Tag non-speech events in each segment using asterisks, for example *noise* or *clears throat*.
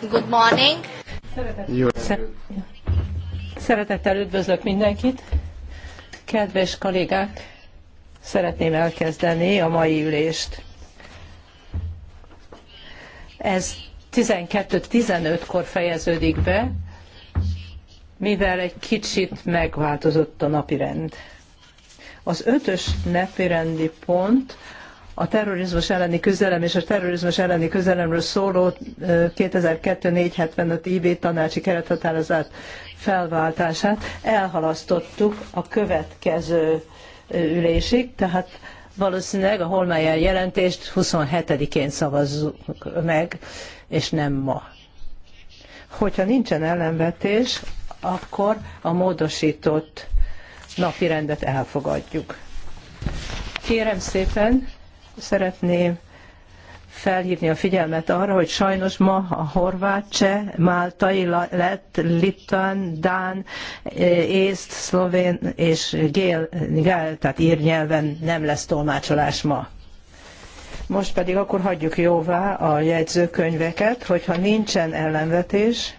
Good morning. Szeretettel üdvözlök mindenkit. Kedves kollégák, szeretném elkezdeni a mai ülést. Ez 12-15-kor fejeződik be, mivel egy kicsit megváltozott a napirend. Az ötös napirendi pont a terrorizmus elleni küzdelem és a terrorizmus elleni küzdelemről szóló 2002-475 IB tanácsi kerethatározat felváltását elhalasztottuk a következő ülésig, tehát valószínűleg a Holmeyer jelentést 27-én szavazzuk meg, és nem ma. Hogyha nincsen ellenvetés, akkor a módosított napirendet elfogadjuk. Kérem szépen, szeretném felhívni a figyelmet arra, hogy sajnos ma a horvát, cseh, máltai, lett, litván, dán, észt, szlovén és gél, gél, tehát ír nyelven nem lesz tolmácsolás ma. Most pedig akkor hagyjuk jóvá a jegyzőkönyveket, hogyha nincsen ellenvetés,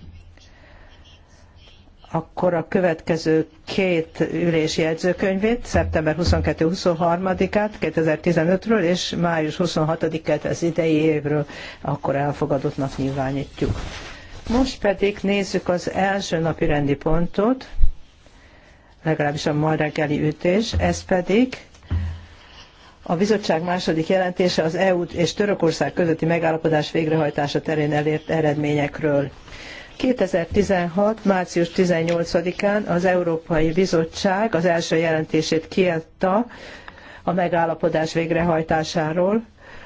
akkor a következő két ülési jegyzőkönyvét, szeptember 22-23-át 2015-ről és május 26-át az idei évről akkor elfogadottnak nyilvánítjuk. Most pedig nézzük az első napi rendi pontot, legalábbis a ma reggeli ütés, ez pedig a bizottság második jelentése az EU és Törökország közötti megállapodás végrehajtása terén elért eredményekről. 2016. március 18-án az Európai Bizottság az első jelentését kiadta a megállapodás végrehajtásáról,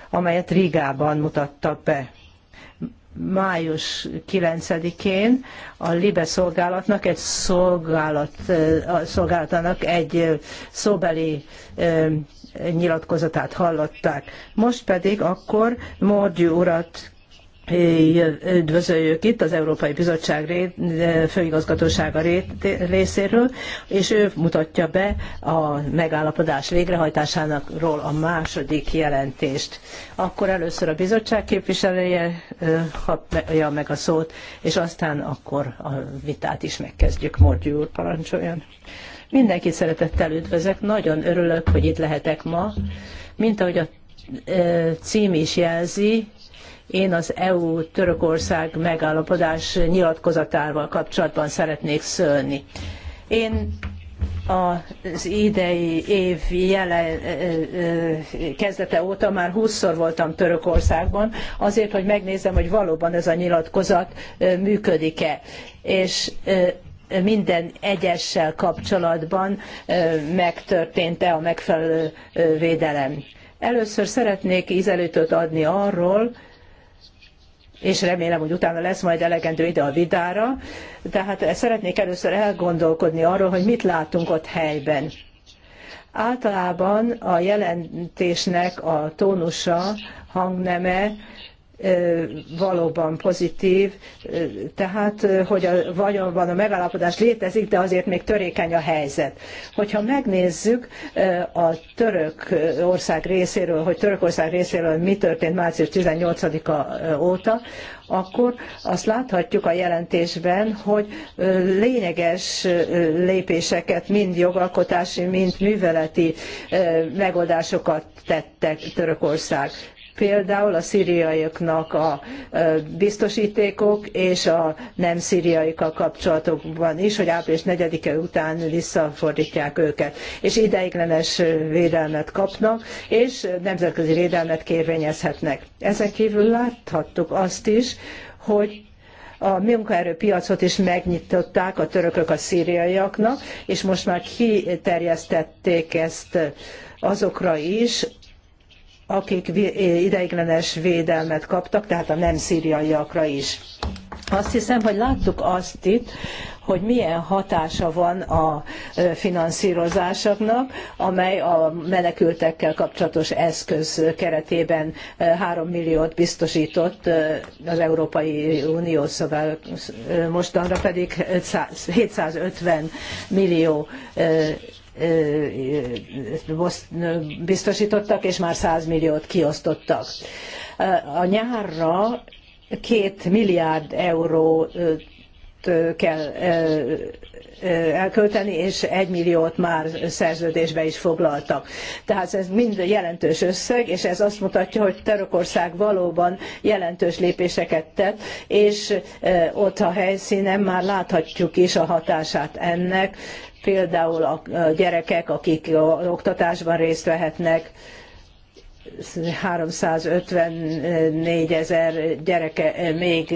amelyet Rigában mutattak be május 9-én a Libe szolgálatnak egy szolgálat, szolgálatának egy szóbeli nyilatkozatát hallották. Most pedig akkor Mordi urat üdvözöljük itt az Európai Bizottság főigazgatósága részéről, és ő mutatja be a megállapodás végrehajtásának ról a második jelentést. Akkor először a bizottság képviselője kapja meg a szót, és aztán akkor a vitát is megkezdjük. Morgyi úr parancsoljon. Mindenkit szeretettel üdvözlök, nagyon örülök, hogy itt lehetek ma. Mint ahogy a cím is jelzi, én az EU-Törökország megállapodás nyilatkozatával kapcsolatban szeretnék szólni. Én az idei év jele, kezdete óta már 20-szor voltam Törökországban, azért, hogy megnézzem, hogy valóban ez a nyilatkozat működik-e. És minden egyessel kapcsolatban megtörtént-e a megfelelő védelem. Először szeretnék ízelőtöt adni arról, és remélem, hogy utána lesz majd elegendő idő a vidára. Tehát szeretnék először elgondolkodni arról, hogy mit látunk ott helyben. Általában a jelentésnek a tónusa, hangneme valóban pozitív, tehát hogy a vagyonban a megállapodás létezik, de azért még törékeny a helyzet. Hogyha megnézzük a Törökország részéről, hogy Törökország részéről mi történt március 18-a óta, akkor azt láthatjuk a jelentésben, hogy lényeges lépéseket, mind jogalkotási, mind műveleti megoldásokat tettek Törökország például a szíriaiaknak a biztosítékok és a nem szíriaikkal kapcsolatokban is, hogy április 4-e után visszafordítják őket, és ideiglenes védelmet kapnak, és nemzetközi védelmet kérvényezhetnek. Ezen kívül láthattuk azt is, hogy a munkaerőpiacot is megnyitották a törökök a szíriaiaknak, és most már kiterjesztették ezt azokra is, akik eh, ideiglenes védelmet kaptak, tehát a nem szíriaiakra is. Azt hiszem, hogy láttuk azt itt, hogy milyen hatása van a eh, finanszírozásoknak, amely a menekültekkel kapcsolatos eszköz keretében 3 eh, milliót biztosított az Európai Unió szóval mostanra pedig 750 millió biztosítottak, és már 100 milliót kiosztottak. A nyárra két milliárd eurót kell elkölteni, és egy milliót már szerződésbe is foglaltak. Tehát ez mind jelentős összeg, és ez azt mutatja, hogy Törökország valóban jelentős lépéseket tett, és ott a helyszínen már láthatjuk is a hatását ennek, például a gyerekek, akik az oktatásban részt vehetnek, 354 ezer gyereke még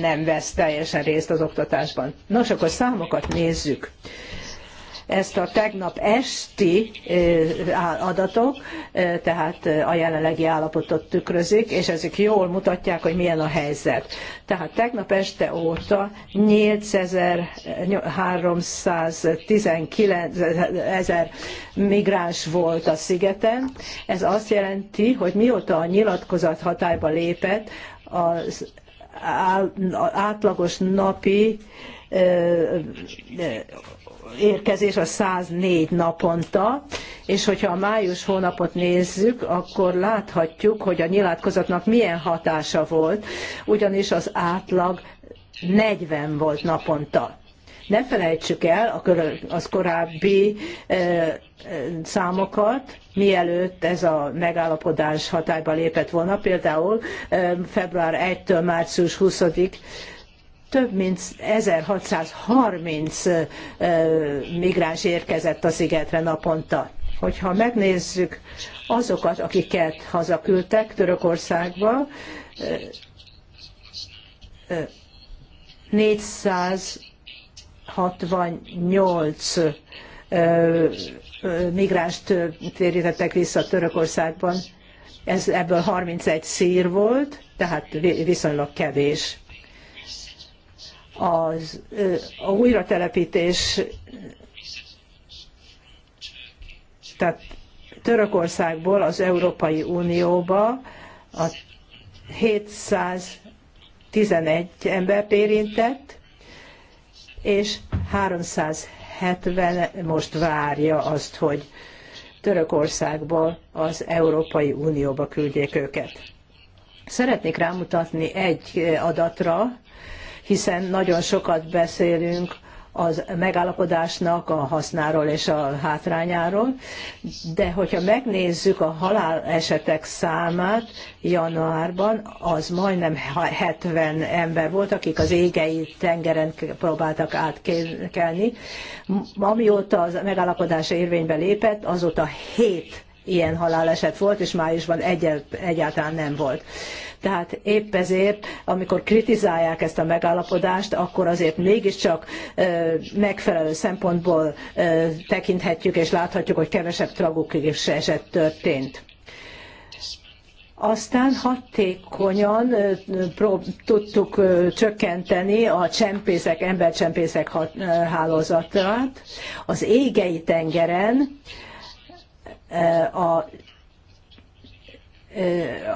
nem vesz teljesen részt az oktatásban. Nos, akkor számokat nézzük ezt a tegnap esti adatok, tehát a jelenlegi állapotot tükrözik, és ezek jól mutatják, hogy milyen a helyzet. Tehát tegnap este óta 8319 migráns volt a szigeten. Ez azt jelenti, hogy mióta a nyilatkozat hatályba lépett, az átlagos napi érkezés a 104 naponta, és hogyha a május hónapot nézzük, akkor láthatjuk, hogy a nyilatkozatnak milyen hatása volt, ugyanis az átlag 40 volt naponta. Ne felejtsük el az korábbi számokat, mielőtt ez a megállapodás hatályba lépett volna, például február 1-től március 20-ig több mint 1630 migráns érkezett a szigetre naponta. Hogyha megnézzük azokat, akiket hazaküldtek Törökországba, 468 migránst térítettek vissza Törökországban. Ez, ebből 31 szír volt, tehát viszonylag kevés az, a újratelepítés, tehát Törökországból az Európai Unióba a 711 embert érintett, és 370 most várja azt, hogy Törökországból az Európai Unióba küldjék őket. Szeretnék rámutatni egy adatra, hiszen nagyon sokat beszélünk az megállapodásnak a hasznáról és a hátrányáról, de hogyha megnézzük a halálesetek számát januárban, az majdnem 70 ember volt, akik az égei tengeren próbáltak átkelni. Amióta az megállapodás érvénybe lépett, azóta 7 ilyen haláleset volt, és májusban egyáltalán nem volt. Tehát épp ezért, amikor kritizálják ezt a megállapodást, akkor azért mégiscsak megfelelő szempontból tekinthetjük és láthatjuk, hogy kevesebb tragikus eset történt aztán hatékonyan tudtuk csökkenteni a csempészek, embercsempészek hálózatát az égei tengeren, a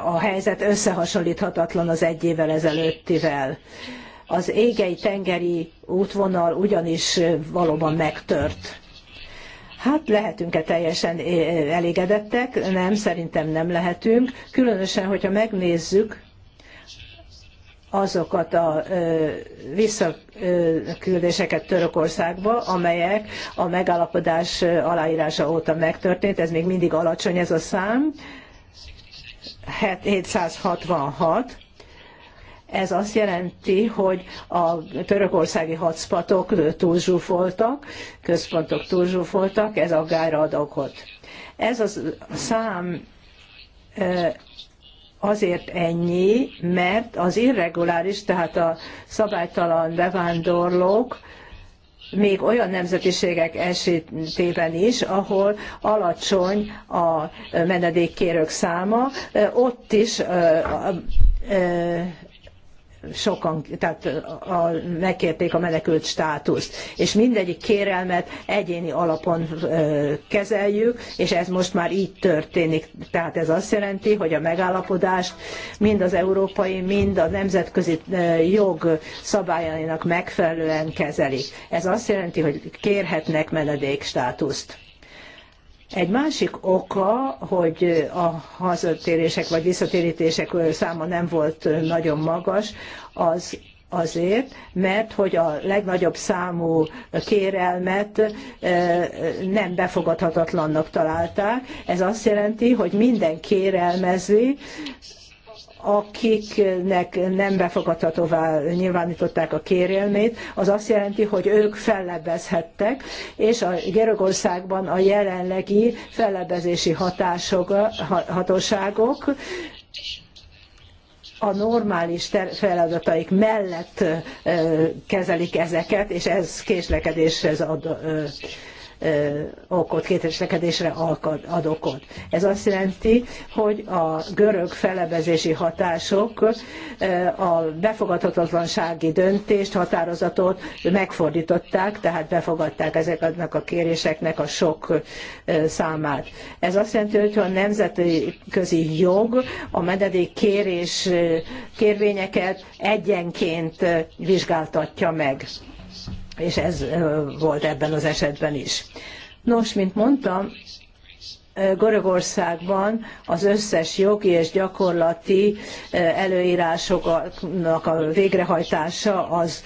a helyzet összehasonlíthatatlan az egy évvel ezelőttivel. Az égei tengeri útvonal ugyanis valóban megtört. Hát lehetünk-e teljesen eh, elégedettek? Nem, szerintem nem lehetünk. Különösen, hogyha megnézzük azokat a eh, visszaküldéseket Törökországba, amelyek a megállapodás eh, aláírása óta megtörtént, ez még mindig alacsony ez a szám, 766. Ez azt jelenti, hogy a törökországi hadspatok túlzsúfoltak, központok túlzsúfoltak, ez aggályra ad okot. Ez a szám azért ennyi, mert az irreguláris, tehát a szabálytalan bevándorlók még olyan nemzetiségek esetében is, ahol alacsony a menedékkérők száma, ott is sokan, tehát a, megkérték a menekült státuszt. És mindegyik kérelmet egyéni alapon kezeljük, és ez most már így történik. Tehát ez azt jelenti, hogy a megállapodást mind az európai, mind a nemzetközi jog szabályainak megfelelően kezelik. Ez azt jelenti, hogy kérhetnek menedékstátuszt. Egy másik oka, hogy a hazatérések vagy visszatérítések száma nem volt nagyon magas, az azért, mert hogy a legnagyobb számú kérelmet eh, nem befogadhatatlannak találták. Ez azt jelenti, hogy minden kérelmező akiknek nem befogadhatóvá nyilvánították a kérelmét, az azt jelenti, hogy ők fellebbezhettek, és a Görögországban a jelenlegi fellebbezési hatások, hatóságok a normális feladataik mellett kezelik ezeket, és ez késlekedéshez ad okot, kételkedésre ad okot. Ez azt jelenti, hogy a görög felebezési hatások a befogadhatatlansági döntést, határozatot megfordították, tehát befogadták ezeknek a kéréseknek a sok számát. Ez azt jelenti, hogy a nemzetközi jog a menedék kérés kérvényeket egyenként vizsgáltatja meg és ez volt ebben az esetben is. Nos, mint mondtam, Görögországban az összes jogi és gyakorlati előírásoknak a végrehajtása az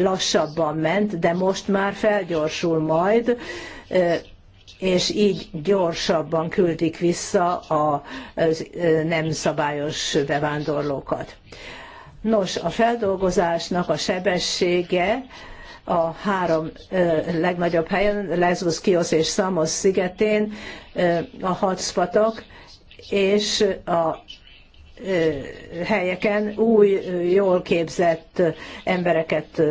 lassabban ment, de most már felgyorsul majd, és így gyorsabban küldik vissza a nem szabályos bevándorlókat. Nos, a feldolgozásnak a sebessége a három legnagyobb helyen, Lesbos, Kios és Samos szigetén, a hotspotok, és a helyeken új, jól képzett embereket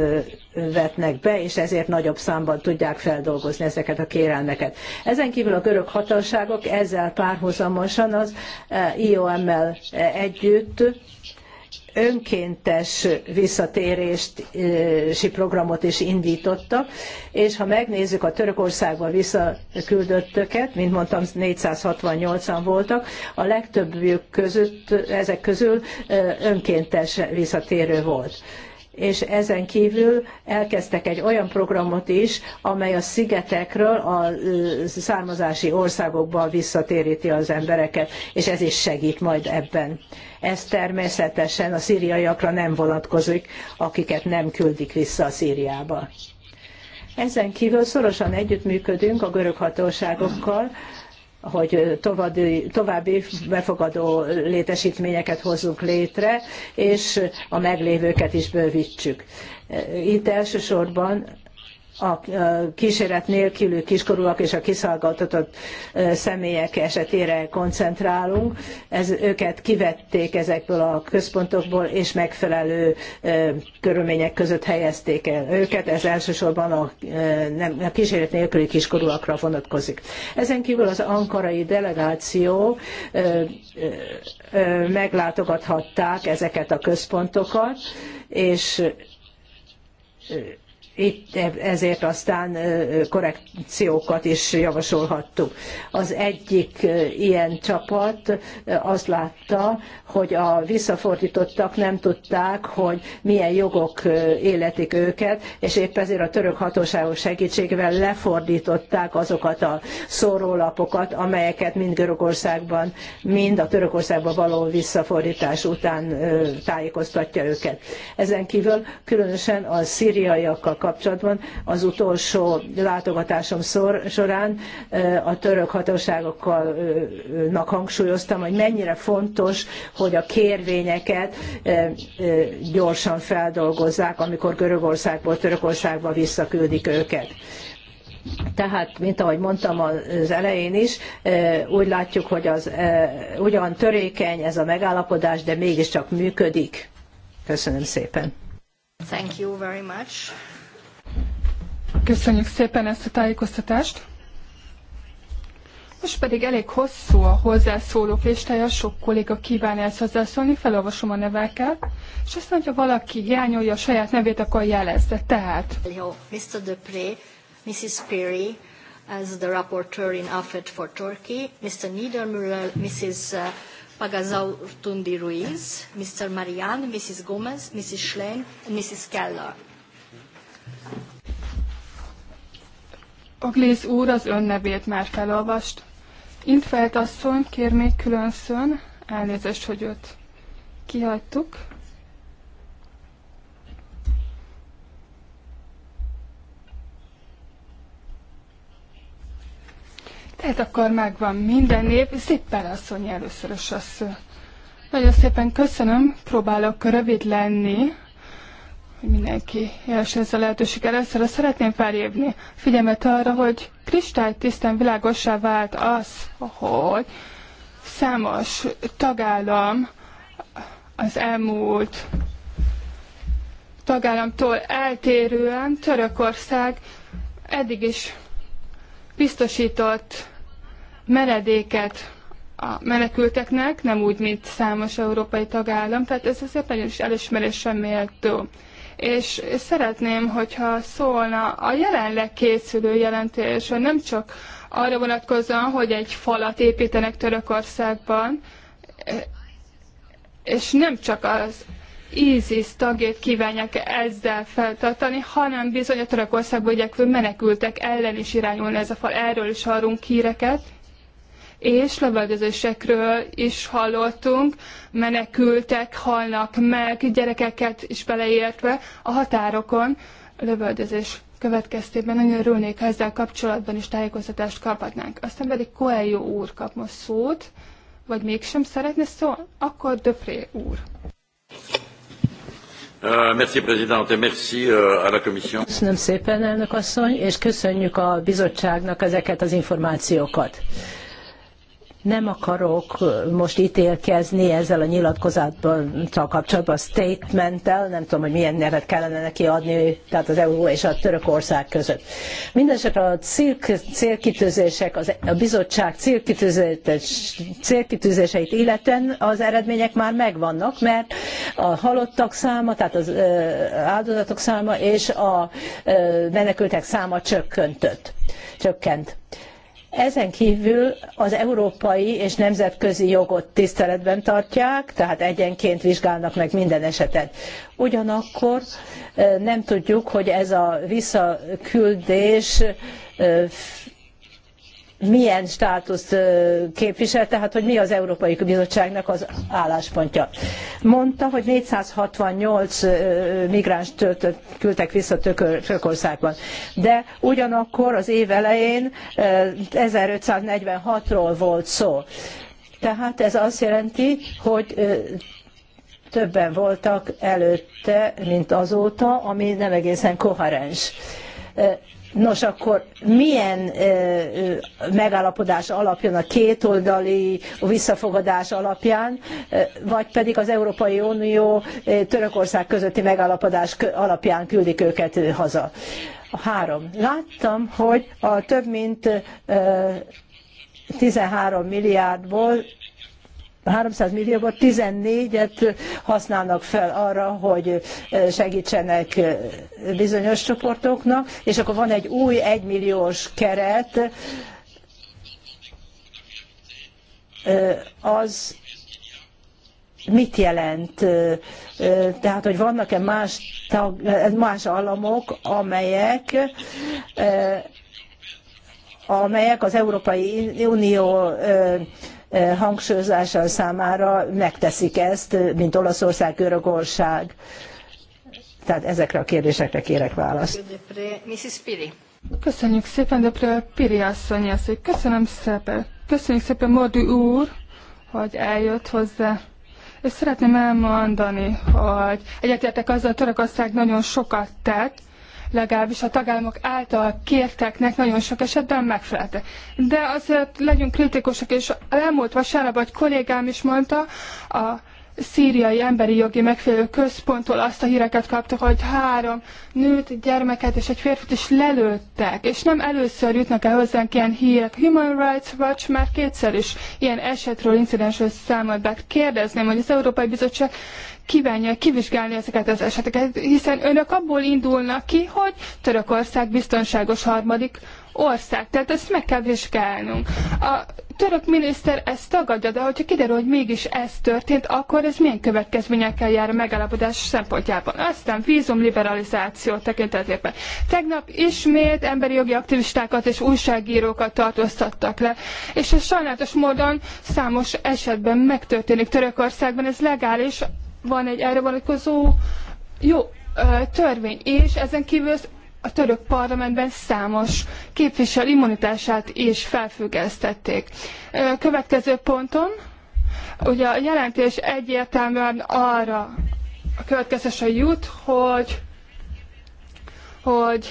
vetnek be, és ezért nagyobb számban tudják feldolgozni ezeket a kérelmeket. Ezen kívül a görög hatóságok ezzel párhuzamosan az IOM-mel együtt önkéntes visszatérési programot is indítottak, és ha megnézzük a Törökországba visszaküldöttöket, mint mondtam, 468-an voltak, a legtöbbjük között, ezek közül önkéntes visszatérő volt és ezen kívül elkezdtek egy olyan programot is, amely a szigetekről a származási országokba visszatéríti az embereket, és ez is segít majd ebben. Ez természetesen a szíriaiakra nem vonatkozik, akiket nem küldik vissza a Szíriába. Ezen kívül szorosan együttműködünk a görög hatóságokkal, hogy további, befogadó létesítményeket hozzunk létre, és a meglévőket is bővítsük. Itt elsősorban a kíséret nélkülű kiskorúak és a kiszolgáltatott személyek esetére koncentrálunk. Ez, őket kivették ezekből a központokból, és megfelelő körülmények között helyezték el őket. Ez elsősorban a, nem, a kíséret nélküli kiskorúakra vonatkozik. Ezen kívül az ankarai delegáció meglátogathatták ezeket a központokat, és itt e- ezért aztán e, korrekciókat is javasolhattuk. Az egyik e, ilyen csapat azt látta, hogy a visszafordítottak nem tudták, hogy milyen jogok életik őket, és épp ezért a török hatóságok segítségével lefordították azokat a szórólapokat, amelyeket mind Görögországban, mind a Törökországba való visszafordítás után tájékoztatja őket. Ezen kívül különösen a szíriaiakkal kapcsolatban az utolsó látogatásom során eh, a török hatóságokkal hangsúlyoztam, hogy mennyire fontos, hogy a kérvényeket eh, eh, gyorsan feldolgozzák, amikor Görögországból Törökországba visszaküldik őket. Tehát, mint ahogy mondtam az elején is, úgy látjuk, hogy az ugyan törékeny ez a megállapodás, de mégiscsak működik. Köszönöm szépen. Thank you very much. Köszönjük szépen ezt a tájékoztatást. Most pedig elég hosszú a hozzászólók listája, sok kolléga kíván ezt hozzászólni, felolvasom a neveket, és mondja, hogy valaki hiányolja a saját nevét, akkor jelezze. Tehát... Mr. Dupré, Mrs. Perry, as the rapporteur in AFET for Turkey, Mr. Niedermüller, Mrs. Uh, Pagazau Tundi Ruiz, Mr. Marian, Mrs. Gomez, Mrs. Schlein, and Mrs. Keller. A Gléz úr az ön nevét már felolvast. Intfelt asszony, kér még külön szön, elnézést, hogy őt kihagytuk. Tehát akkor megvan minden név, szépen asszony először is az. Nagyon szépen köszönöm, próbálok rövid lenni hogy mindenki jelesen ezzel a lehetőség Először szeretném felhívni figyelmet arra, hogy kristálytisztán világossá vált az, hogy számos tagállam az elmúlt tagállamtól eltérően Törökország eddig is biztosított menedéket a menekülteknek, nem úgy, mint számos európai tagállam, tehát ez azért nagyon is elismerésre méltó és szeretném, hogyha szólna a jelenleg készülő jelentés, hogy nem csak arra vonatkozóan, hogy egy falat építenek Törökországban, és nem csak az ISIS tagjét kívánják ezzel feltartani, hanem bizony a Törökországban igyekvő menekültek ellen is irányulna ez a fal. Erről is hallunk híreket és lövöldözésekről is hallottunk, menekültek, halnak meg, gyerekeket is beleértve a határokon lövöldözés következtében nagyon örülnék, ha ezzel kapcsolatban is tájékoztatást kaphatnánk. Aztán pedig Coelho úr kap most szót, vagy mégsem szeretne szó, akkor Döpré úr. Uh, uh, Köszönöm szépen, elnök asszony, és köszönjük a bizottságnak ezeket az információkat. Nem akarok most ítélkezni ezzel a nyilatkozatban kapcsolatban, a statementtel, nem tudom, hogy milyen nevet kellene neki adni, tehát az EU és a Törökország között. Mindenesetre a cél, célkitűzések, az, a bizottság célkitűzéseit illeten az eredmények már megvannak, mert a halottak száma, tehát az áldozatok száma és a menekültek száma csökkentött. csökkent. Ezen kívül az európai és nemzetközi jogot tiszteletben tartják, tehát egyenként vizsgálnak meg minden esetet. Ugyanakkor eh, nem tudjuk, hogy ez a visszaküldés eh, milyen státuszt képvisel, tehát hogy mi az Európai Bizottságnak az álláspontja. Mondta, hogy 468 migráns küldtek vissza Törökországban, de ugyanakkor az év elején 1546-ról volt szó. Tehát ez azt jelenti, hogy többen voltak előtte, mint azóta, ami nem egészen koherens Nos, akkor milyen megállapodás alapján, a kétoldali visszafogadás alapján, vagy pedig az Európai Unió Törökország közötti megállapodás alapján küldik őket haza? Három. Láttam, hogy a több mint 13 milliárdból 300 millióból 14-et használnak fel arra, hogy segítsenek bizonyos csoportoknak, és akkor van egy új 1 milliós keret, az mit jelent? Tehát, hogy vannak-e más, tag, más államok, amelyek amelyek az Európai Unió hangsúlyozása számára megteszik ezt, mint Olaszország, Görögország. Tehát ezekre a kérdésekre kérek választ. Köszönjük szépen, de Piri asszony Köszönöm szépen. Köszönjük szépen, Mordi úr, hogy eljött hozzá. És szeretném elmondani, hogy egyetértek azzal, hogy Törökország nagyon sokat tett legalábbis a tagállamok által kérteknek nagyon sok esetben megfeleltek. De azért legyünk kritikusak, és elmúlt vasárnap egy kollégám is mondta, a szíriai emberi jogi megfelelő központtól azt a híreket kaptak, hogy három nőt, gyermeket és egy férfit is lelőttek, és nem először jutnak el hozzánk ilyen hírek. Human Rights Watch már kétszer is ilyen esetről, incidensről számolt be. Hát kérdezném, hogy az Európai Bizottság kívánja kivizsgálni ezeket az eseteket, hiszen önök abból indulnak ki, hogy Törökország biztonságos harmadik ország, tehát ezt meg kell vizsgálnunk. A török miniszter ezt tagadja, de hogyha kiderül, hogy mégis ez történt, akkor ez milyen következményekkel jár a megállapodás szempontjában. Aztán liberalizáció tekintetében. Tegnap ismét emberi jogi aktivistákat és újságírókat tartóztattak le, és ez sajnálatos módon számos esetben megtörténik Törökországban, ez legális, van egy erre vonatkozó jó törvény, és ezen kívül a török parlamentben számos képvisel immunitását is felfüggesztették. Következő ponton, ugye a jelentés egyértelműen arra a következésre jut, hogy, hogy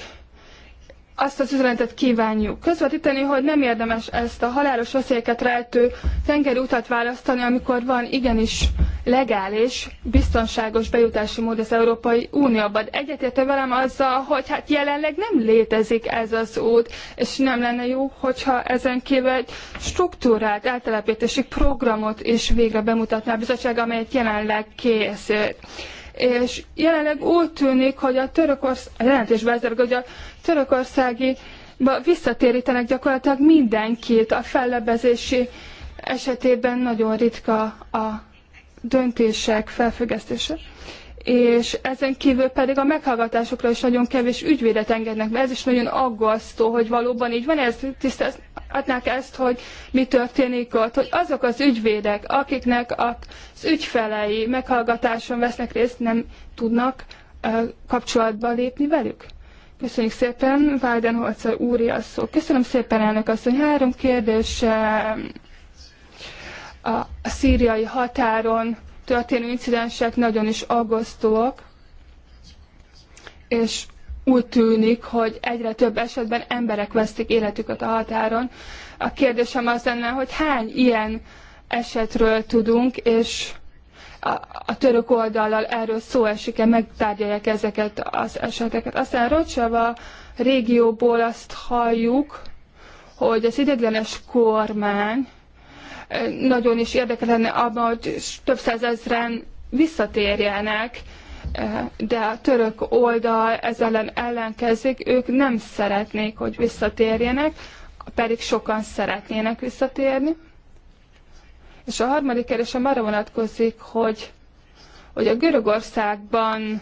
azt az üzenetet kívánjuk közvetíteni, hogy nem érdemes ezt a halálos veszélyeket rejtő tengeri utat választani, amikor van igenis legális, biztonságos bejutási mód az Európai Unióban. Egyetérte velem azzal, hogy hát jelenleg nem létezik ez az út, és nem lenne jó, hogyha ezen kívül egy struktúrált eltelepítési programot is végre bemutatná a bizottság, amelyet jelenleg készült. és jelenleg úgy tűnik, hogy a törökország, jelentésben ezzel, hogy a törökországi visszatérítenek gyakorlatilag mindenkit. A fellebbezési esetében nagyon ritka a döntések felfüggesztése. És ezen kívül pedig a meghallgatásokra is nagyon kevés ügyvédet engednek be. Ez is nagyon aggasztó, hogy valóban így van. Ez tisztázhatnák ezt, hogy mi történik ott, hogy azok az ügyvédek, akiknek az ügyfelei meghallgatáson vesznek részt, nem tudnak kapcsolatba lépni velük? Köszönjük szépen, Weidenholzer úri a szó. Köszönöm szépen, elnök asszony. Három kérdés a, a szíriai határon történő incidensek nagyon is aggasztóak, és úgy tűnik, hogy egyre több esetben emberek vesztik életüket a határon. A kérdésem az lenne, hogy hány ilyen esetről tudunk, és a, a török oldallal erről szó esik-e, megtárgyalják ezeket az eseteket. Aztán Rocsava régióból azt halljuk, hogy az ideglenes kormány eh, nagyon is érdekel lenne abban, hogy több százezren visszatérjenek, eh, de a török oldal ez ellen ellenkezik, ők nem szeretnék, hogy visszatérjenek, pedig sokan szeretnének visszatérni. És a harmadik kérdésem arra vonatkozik, hogy, hogy a Görögországban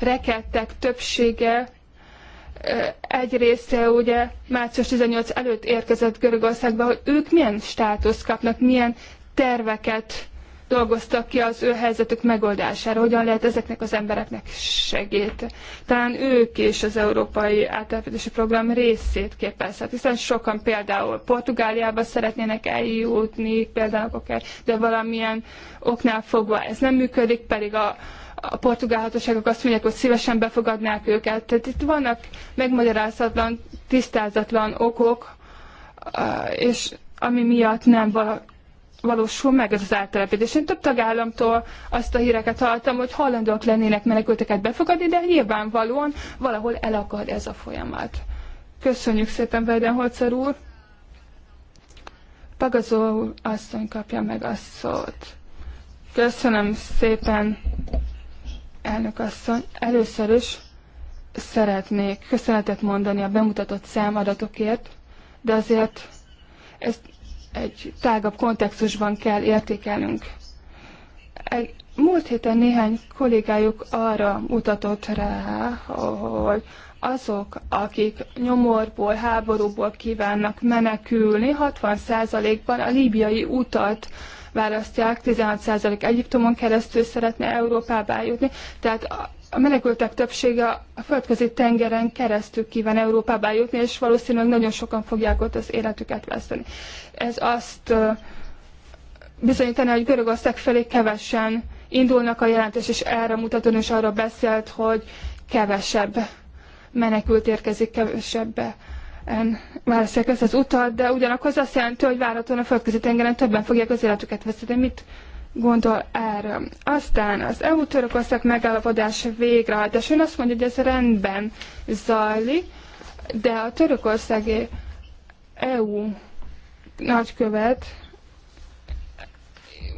rekedtek többsége egy része ugye március 18 előtt érkezett Görögországba, hogy ők milyen státuszt kapnak, milyen terveket dolgoztak ki az ő helyzetük megoldására, hogyan lehet ezeknek az embereknek segít. Talán ők is az Európai Átelepítési Program részét képezhet, hiszen sokan például Portugáliába szeretnének eljutni, például akár, de valamilyen oknál fogva ez nem működik, pedig a, a portugál hatóságok azt mondják, hogy szívesen befogadnák őket. Tehát itt vannak megmagyarázatlan, tisztázatlan okok, és ami miatt nem valaki valósul meg ez az áttelepítés. Én több tagállamtól azt a híreket hallottam, hogy hajlandóak lennének menekülteket befogadni, de nyilvánvalóan valahol elakad ez a folyamat. Köszönjük szépen, Weidenholzer úr! Pagazó asszony kapja meg a szót. Köszönöm szépen, elnök asszony. Először is szeretnék köszönetet mondani a bemutatott számadatokért, de azért ezt egy tágabb kontextusban kell értékelnünk. Egy, múlt héten néhány kollégájuk arra mutatott rá, hogy azok, akik nyomorból, háborúból kívánnak menekülni, 60%-ban a líbiai utat választják, 16% Egyiptomon keresztül szeretne Európába jutni. Tehát a menekültek többsége a földközi tengeren keresztül kíván Európába jutni, és valószínűleg nagyon sokan fogják ott az életüket veszteni. Ez azt bizonyítani, hogy Görögország felé kevesen indulnak a jelentés, és erre mutatón is arra beszélt, hogy kevesebb menekült érkezik, kevesebb válaszolják ezt az utat, de ugyanakkor az azt jelenti, hogy várhatóan a földközi tengeren többen fogják az életüket veszteni, Mit gondol erre. Aztán az EU-Törökország megállapodása végrehajtás. Ön azt mondja, hogy ez rendben zajlik, de a törökországi EU nagykövet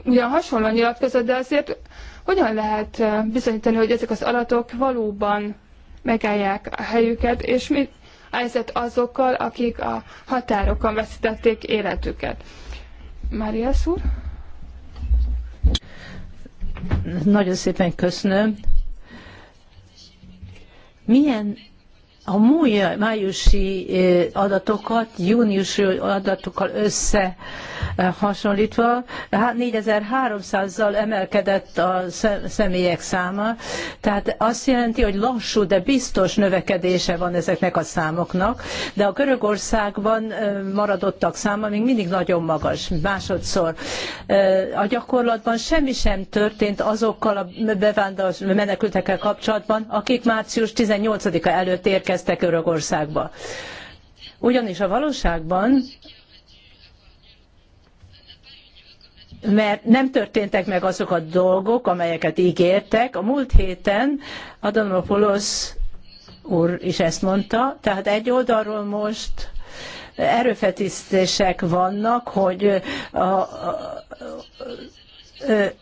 ugyan hasonlóan nyilatkozott, de azért hogyan lehet eh, bizonyítani, hogy ezek az adatok valóban megállják a helyüket, és mi a helyzet azokkal, akik a határokon veszítették életüket? Mária úr? Nagyon szépen köszönöm. Milyen a múlja, májusi eh, adatokat júniusi adatokkal össze hasonlítva 4300-zal emelkedett a személyek száma, tehát azt jelenti, hogy lassú, de biztos növekedése van ezeknek a számoknak, de a Görögországban maradottak száma még mindig nagyon magas. Másodszor a gyakorlatban semmi sem történt azokkal a bevándorlás menekültekkel kapcsolatban, akik március 18-a előtt érkeztek Görögországba. Ugyanis a valóságban mert nem történtek meg azok a dolgok, amelyeket ígértek. A múlt héten Adamopoulos úr is ezt mondta, tehát egy oldalról most erőfeszítések vannak, hogy a, a, a, a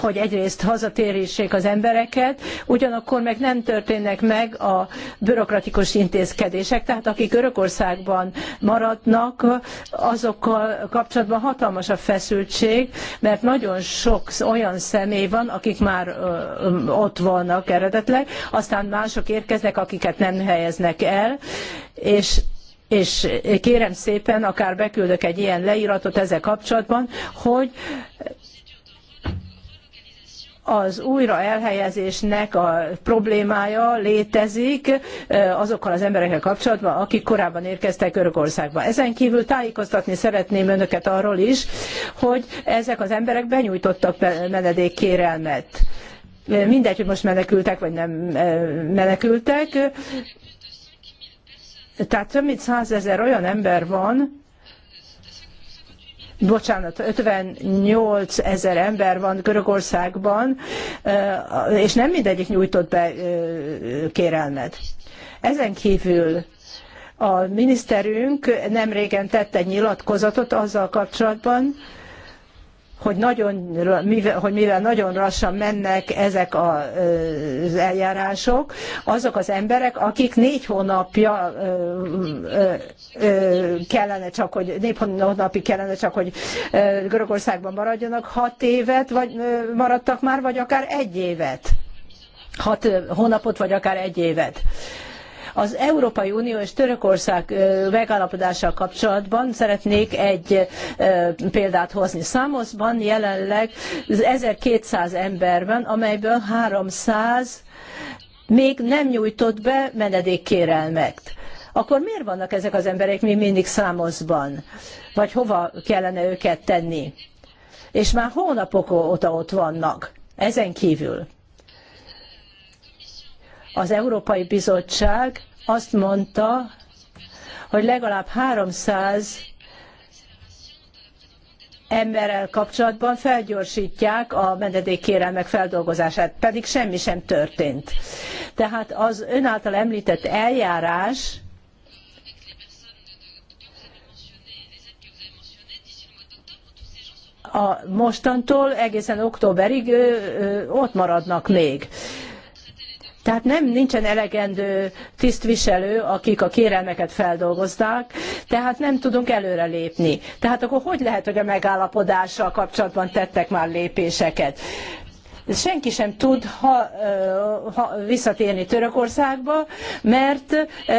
hogy egyrészt hazatérítsék az embereket, ugyanakkor meg nem történnek meg a bürokratikus intézkedések, tehát akik Örökországban maradnak, azokkal kapcsolatban hatalmas a feszültség, mert nagyon sok olyan személy van, akik már ott vannak eredetleg, aztán mások érkeznek, akiket nem helyeznek el, és és kérem szépen, akár beküldök egy ilyen leíratot ezzel kapcsolatban, hogy az újra elhelyezésnek a problémája létezik azokkal az emberekkel kapcsolatban, akik korábban érkeztek Örökországba. Ezen kívül tájékoztatni szeretném önöket arról is, hogy ezek az emberek benyújtottak menedékkérelmet. Mindegy, hogy most menekültek, vagy nem menekültek. Tehát több mint százezer olyan ember van, bocsánat, 58 ezer ember van Görögországban, eh, és nem mindegyik nyújtott be eh, kérelmet. Ezen kívül a miniszterünk régen tett egy nyilatkozatot azzal kapcsolatban, hogy, nagyon, mivel, hogy mivel nagyon lassan mennek ezek az eljárások, azok az emberek, akik négy hónapja kellene csak, hogy négy hónapig kellene csak, hogy Görögországban maradjanak, hat évet vagy maradtak már, vagy akár egy évet. Hat hónapot, vagy akár egy évet az Európai Unió és Törökország megállapodással kapcsolatban szeretnék egy példát hozni. Számoszban jelenleg 1200 ember van, amelyből 300 még nem nyújtott be menedékkérelmet. Akkor miért vannak ezek az emberek még mindig számoszban? Vagy hova kellene őket tenni? És már hónapok óta ott vannak, ezen kívül. Az Európai Bizottság azt mondta, hogy legalább 300 emberrel kapcsolatban felgyorsítják a menedékkérelmek feldolgozását, pedig semmi sem történt. Tehát az ön által említett eljárás a mostantól egészen októberig ott maradnak még. Tehát nem nincsen elegendő tisztviselő, akik a kérelmeket feldolgozzák, tehát nem tudunk előrelépni. Tehát akkor hogy lehet, hogy a megállapodással kapcsolatban tettek már lépéseket? senki sem tud ha, ha visszatérni Törökországba, mert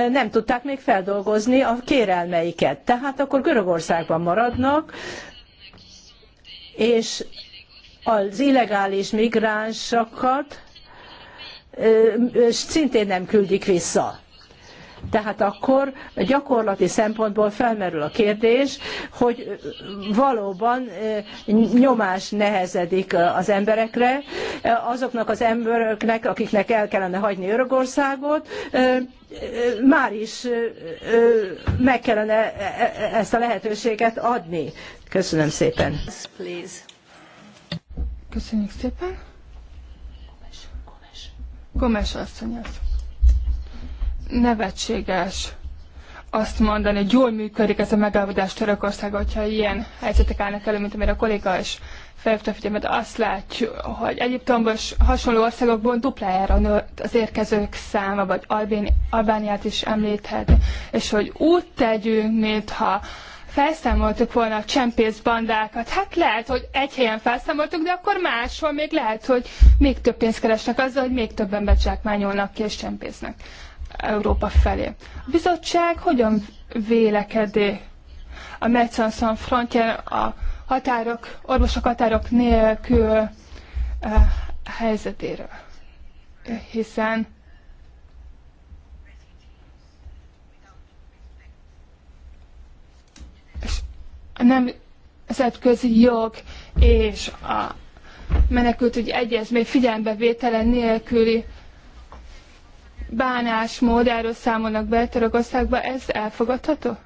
nem tudták még feldolgozni a kérelmeiket. Tehát akkor Görögországban maradnak, és az illegális migránsokat szintén nem küldik vissza. Tehát akkor gyakorlati szempontból felmerül a kérdés, hogy valóban nyomás nehezedik az emberekre, azoknak az embereknek, akiknek el kellene hagyni Örökországot, már is meg kellene e, e, ezt a lehetőséget adni. Köszönöm szépen. Köszönjük szépen. Gomes asszony Nevetséges azt mondani, hogy jól működik ez a megállapodás Törökország, hogyha ilyen helyzetek állnak elő, mint amire a kolléga is felhívta a figyelmet, azt látjuk, hogy Egyiptomban és hasonló országokban duplájára nőtt az érkezők száma, vagy Albániát is említhet, és hogy úgy tegyünk, mintha felszámoltuk volna a csempész bandákat. Hát lehet, hogy egy helyen felszámoltuk, de akkor máshol még lehet, hogy még több pénzt keresnek azzal, hogy még többen becsákmányolnak ki és csempésznek Európa felé. A bizottság hogyan vélekedé a Metzanszon frontján a határok, orvosok határok nélkül a eh, helyzetéről? Hiszen nemzetközi jog és a menekültügyi egyezmény figyelembevétele nélküli bánásmód, erről számolnak be Törökországba, ez elfogadható?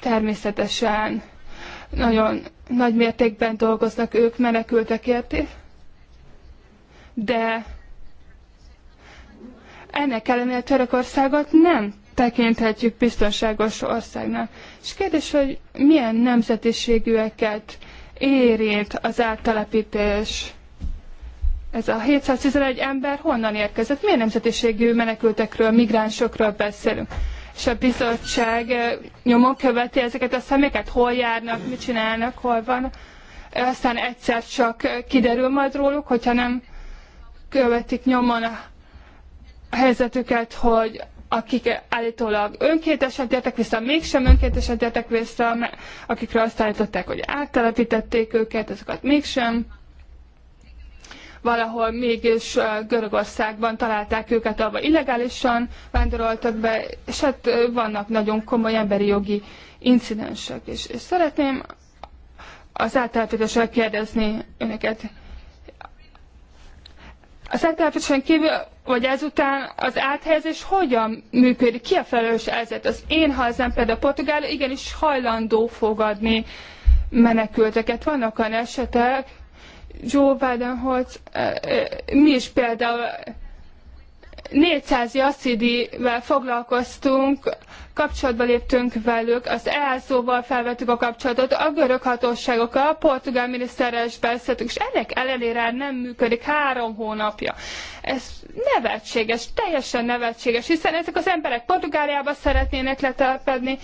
Természetesen nagyon nagy mértékben dolgoznak ők menekültekért, de ennek ellenére Törökországot nem tekinthetjük biztonságos országnak. És kérdés, hogy milyen nemzetiségűeket érint az áttelepítés? Ez a 711 ember honnan érkezett? Milyen nemzetiségű menekültekről, migránsokról beszélünk? És a bizottság eh, nyomon követi ezeket a személyeket? Hol járnak, mit csinálnak, hol van? Aztán egyszer csak eh, kiderül majd róluk, hogyha nem követik nyomon a helyzetüket, hogy akik állítólag önkéntesen tértek vissza, mégsem önkéntesen tértek vissza, akikre azt állították, hogy áttelepítették őket, azokat mégsem. Valahol mégis Görögországban találták őket, ahol illegálisan vándoroltak be, és hát vannak nagyon komoly emberi jogi incidensek. És, és szeretném az áttelepítésről kérdezni önöket. Az áttelepítésen kívül, vagy ezután az áthelyezés hogyan működik? Ki a felelős ezért? Az én hazám például Portugál igenis hajlandó fogadni menekülteket. Vannak olyan esetek, Joe hogy eh, eh, mi is például 400 jasszidivel foglalkoztunk, kapcsolatba léptünk velük, az ELSZ-val felvettük a kapcsolatot, a görög hatóságokkal, a portugál miniszterrel is beszéltünk, és ennek ellenére nem működik három hónapja. Ez nevetséges, teljesen nevetséges, hiszen ezek az emberek Portugáliába szeretnének letelepedni,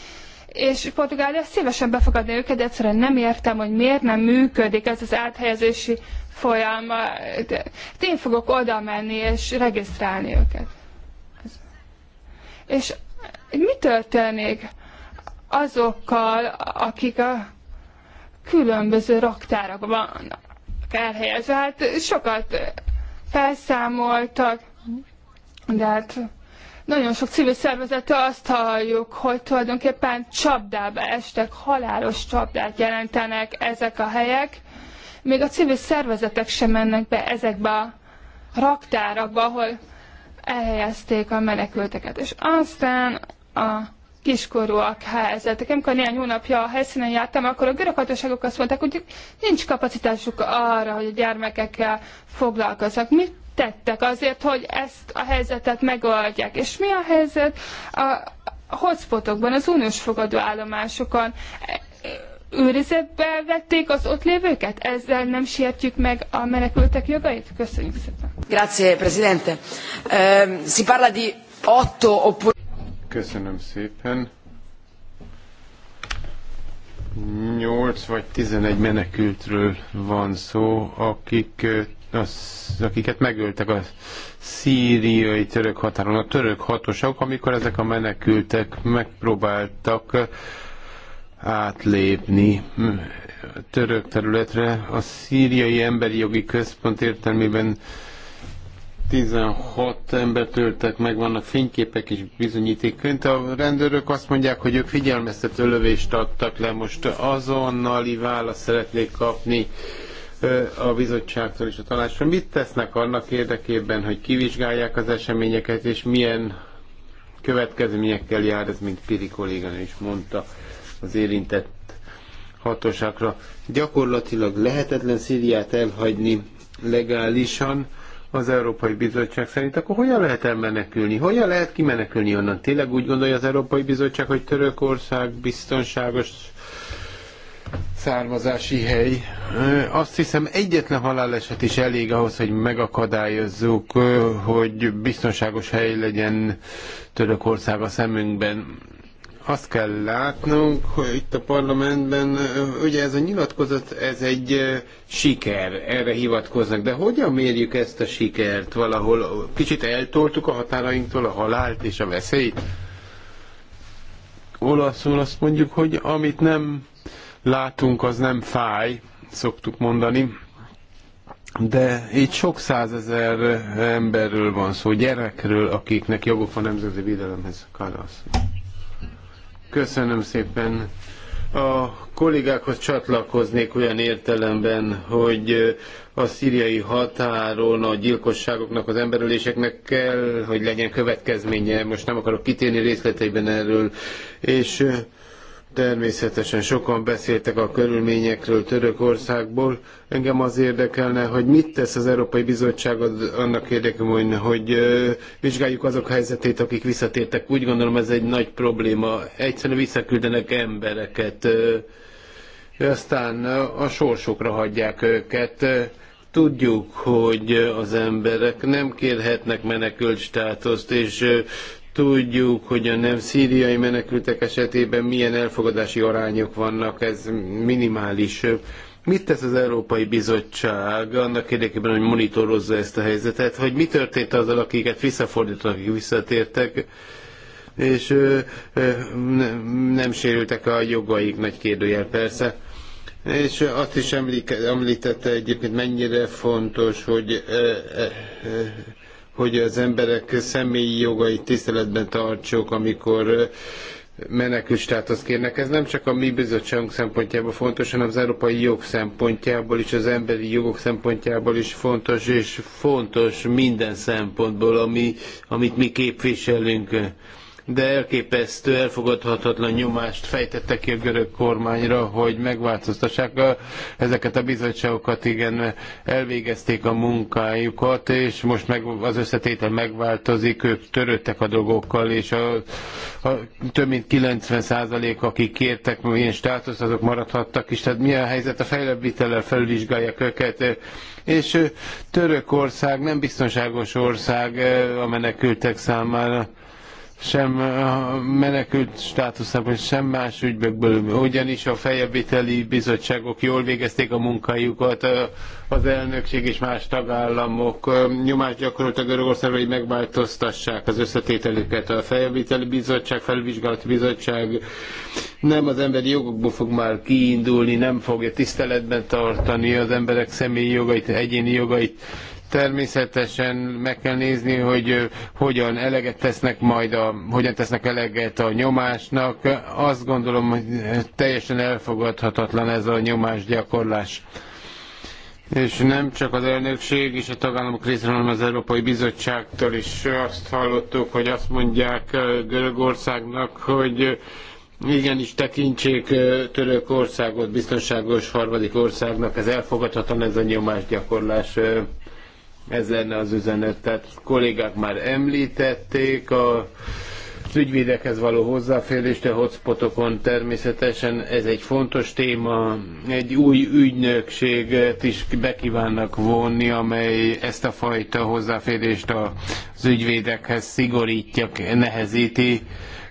és Portugália szívesen befogadná őket, de egyszerűen nem értem, hogy miért nem működik ez az áthelyezési folyama. De hát én fogok oda menni és regisztrálni őket. És mi történik azokkal, akik a különböző raktárakban elhelyezve? Hát sokat felszámoltak, de hát nagyon sok civil szervezetől azt halljuk, hogy tulajdonképpen csapdába estek, halálos csapdát jelentenek ezek a helyek. Még a civil szervezetek sem mennek be ezekbe a raktárakba, ahol elhelyezték a menekülteket. És aztán a kiskorúak helyzetek. Amikor néhány hónapja a helyszínen jártam, akkor a görög hatóságok azt mondták, hogy nincs kapacitásuk arra, hogy a gyermekekkel foglalkozzanak. Mi tettek azért, hogy ezt a helyzetet megoldják. És mi a helyzet a hotspotokban, az uniós fogadóállomásokon? őrizetbe vették az ott lévőket? Ezzel nem sértjük meg a menekültek jogait? Köszönjük szépen. Grazie, Presidente. Ehm, si parla di otto oppure... Köszönöm szépen. 8 vagy 11 menekültről van szó, akik eh, az, akiket megöltek a szíriai török határon, a török hatosok, amikor ezek a menekültek megpróbáltak eh, átlépni a eh, török területre. A szíriai emberi jogi központ értelmében 16 embert öltek meg, vannak fényképek és bizonyítékként. A rendőrök azt mondják, hogy ők figyelmeztető lövést adtak le, most azonnali választ szeretnék kapni a bizottságtól és a tanácsról. Mit tesznek annak érdekében, hogy kivizsgálják az eseményeket, és milyen következményekkel jár, ez mint Piri kolléganő is mondta az érintett hatóságra. Gyakorlatilag lehetetlen Szíriát elhagyni legálisan az Európai Bizottság szerint, akkor hogyan lehet elmenekülni? Hogyan lehet kimenekülni onnan? Tényleg úgy gondolja az Európai Bizottság, hogy Törökország biztonságos származási hely. Azt hiszem egyetlen haláleset is elég ahhoz, hogy megakadályozzuk, hogy biztonságos hely legyen Törökország a szemünkben. Azt kell látnunk, hogy itt a parlamentben, ugye ez a nyilatkozat, ez egy siker, erre hivatkoznak, de hogyan mérjük ezt a sikert valahol? Kicsit eltoltuk a határainktól a halált és a veszélyt? Olaszul azt mondjuk, hogy amit nem látunk, az nem fáj, szoktuk mondani. De itt sok százezer emberről van szó, gyerekről, akiknek joguk van nemzeti védelemhez. Karasz. Köszönöm szépen. A kollégákhoz csatlakoznék olyan értelemben, hogy a szíriai határon a gyilkosságoknak, az emberöléseknek kell, hogy legyen következménye. Most nem akarok kitérni részleteiben erről. És Természetesen sokan beszéltek a körülményekről Törökországból. Engem az érdekelne, hogy mit tesz az Európai Bizottság annak érdekében, hogy vizsgáljuk azok helyzetét, akik visszatértek. Úgy gondolom ez egy nagy probléma. Egyszerűen visszaküldenek embereket, aztán a sorsokra hagyják őket. Tudjuk, hogy az emberek nem kérhetnek menekült státuszt, és Tudjuk, hogy a nem szíriai menekültek esetében milyen elfogadási arányok vannak, ez minimális. Mit tesz az Európai Bizottság annak érdekében, hogy monitorozza ezt a helyzetet, hogy mi történt azzal, akiket visszafordítanak, akik visszatértek, és nem, nem sérültek a jogaik, nagy kérdőjel persze. És azt is említette egyébként, mennyire fontos, hogy hogy az emberek személyi jogait tiszteletben tartsuk, amikor menekült kérnek. Ez nem csak a mi bizottságunk szempontjából fontos, hanem az európai jog szempontjából is, az emberi jogok szempontjából is fontos, és fontos minden szempontból, ami, amit mi képviselünk de elképesztő, elfogadhatatlan nyomást fejtettek ki a görög kormányra, hogy megváltoztassák a, ezeket a bizottságokat, igen, elvégezték a munkájukat, és most meg, az összetétel megváltozik, ők törődtek a dolgokkal, és a, a több mint 90% akik kértek ilyen státuszt, azok maradhattak is, tehát milyen helyzet a fejlebbvitellel felvizsgálják őket, és Törökország nem biztonságos ország a menekültek számára sem eh, menekült státuszában, sem más ügyekből, ugyanis a feljebbviteli bizottságok jól végezték a munkájukat, eh, az elnökség és más tagállamok eh, nyomást a Görögországra, hogy megváltoztassák az összetételüket. A feljebbviteli bizottság, felvizsgálati bizottság nem az emberi jogokból fog már kiindulni, nem fogja tiszteletben tartani az emberek személyi jogait, egyéni jogait, Természetesen meg kell nézni, hogy hogyan eleget tesznek majd, a, hogyan tesznek eleget a nyomásnak. Azt gondolom, hogy teljesen elfogadhatatlan ez a nyomásgyakorlás. És nem csak az elnökség és a tagállamok részéről, hanem az Európai Bizottságtól is azt hallottuk, hogy azt mondják Görögországnak, hogy igenis tekintsék Törökországot biztonságos harmadik országnak, ez elfogadhatatlan ez a nyomásgyakorlás. Ez lenne az üzenet. Tehát kollégák már említették a az ügyvédekhez való hozzáférést a hotspotokon természetesen ez egy fontos téma. Egy új ügynökséget is bekívánnak vonni, amely ezt a fajta hozzáférést az ügyvédekhez szigorítja, nehezíti.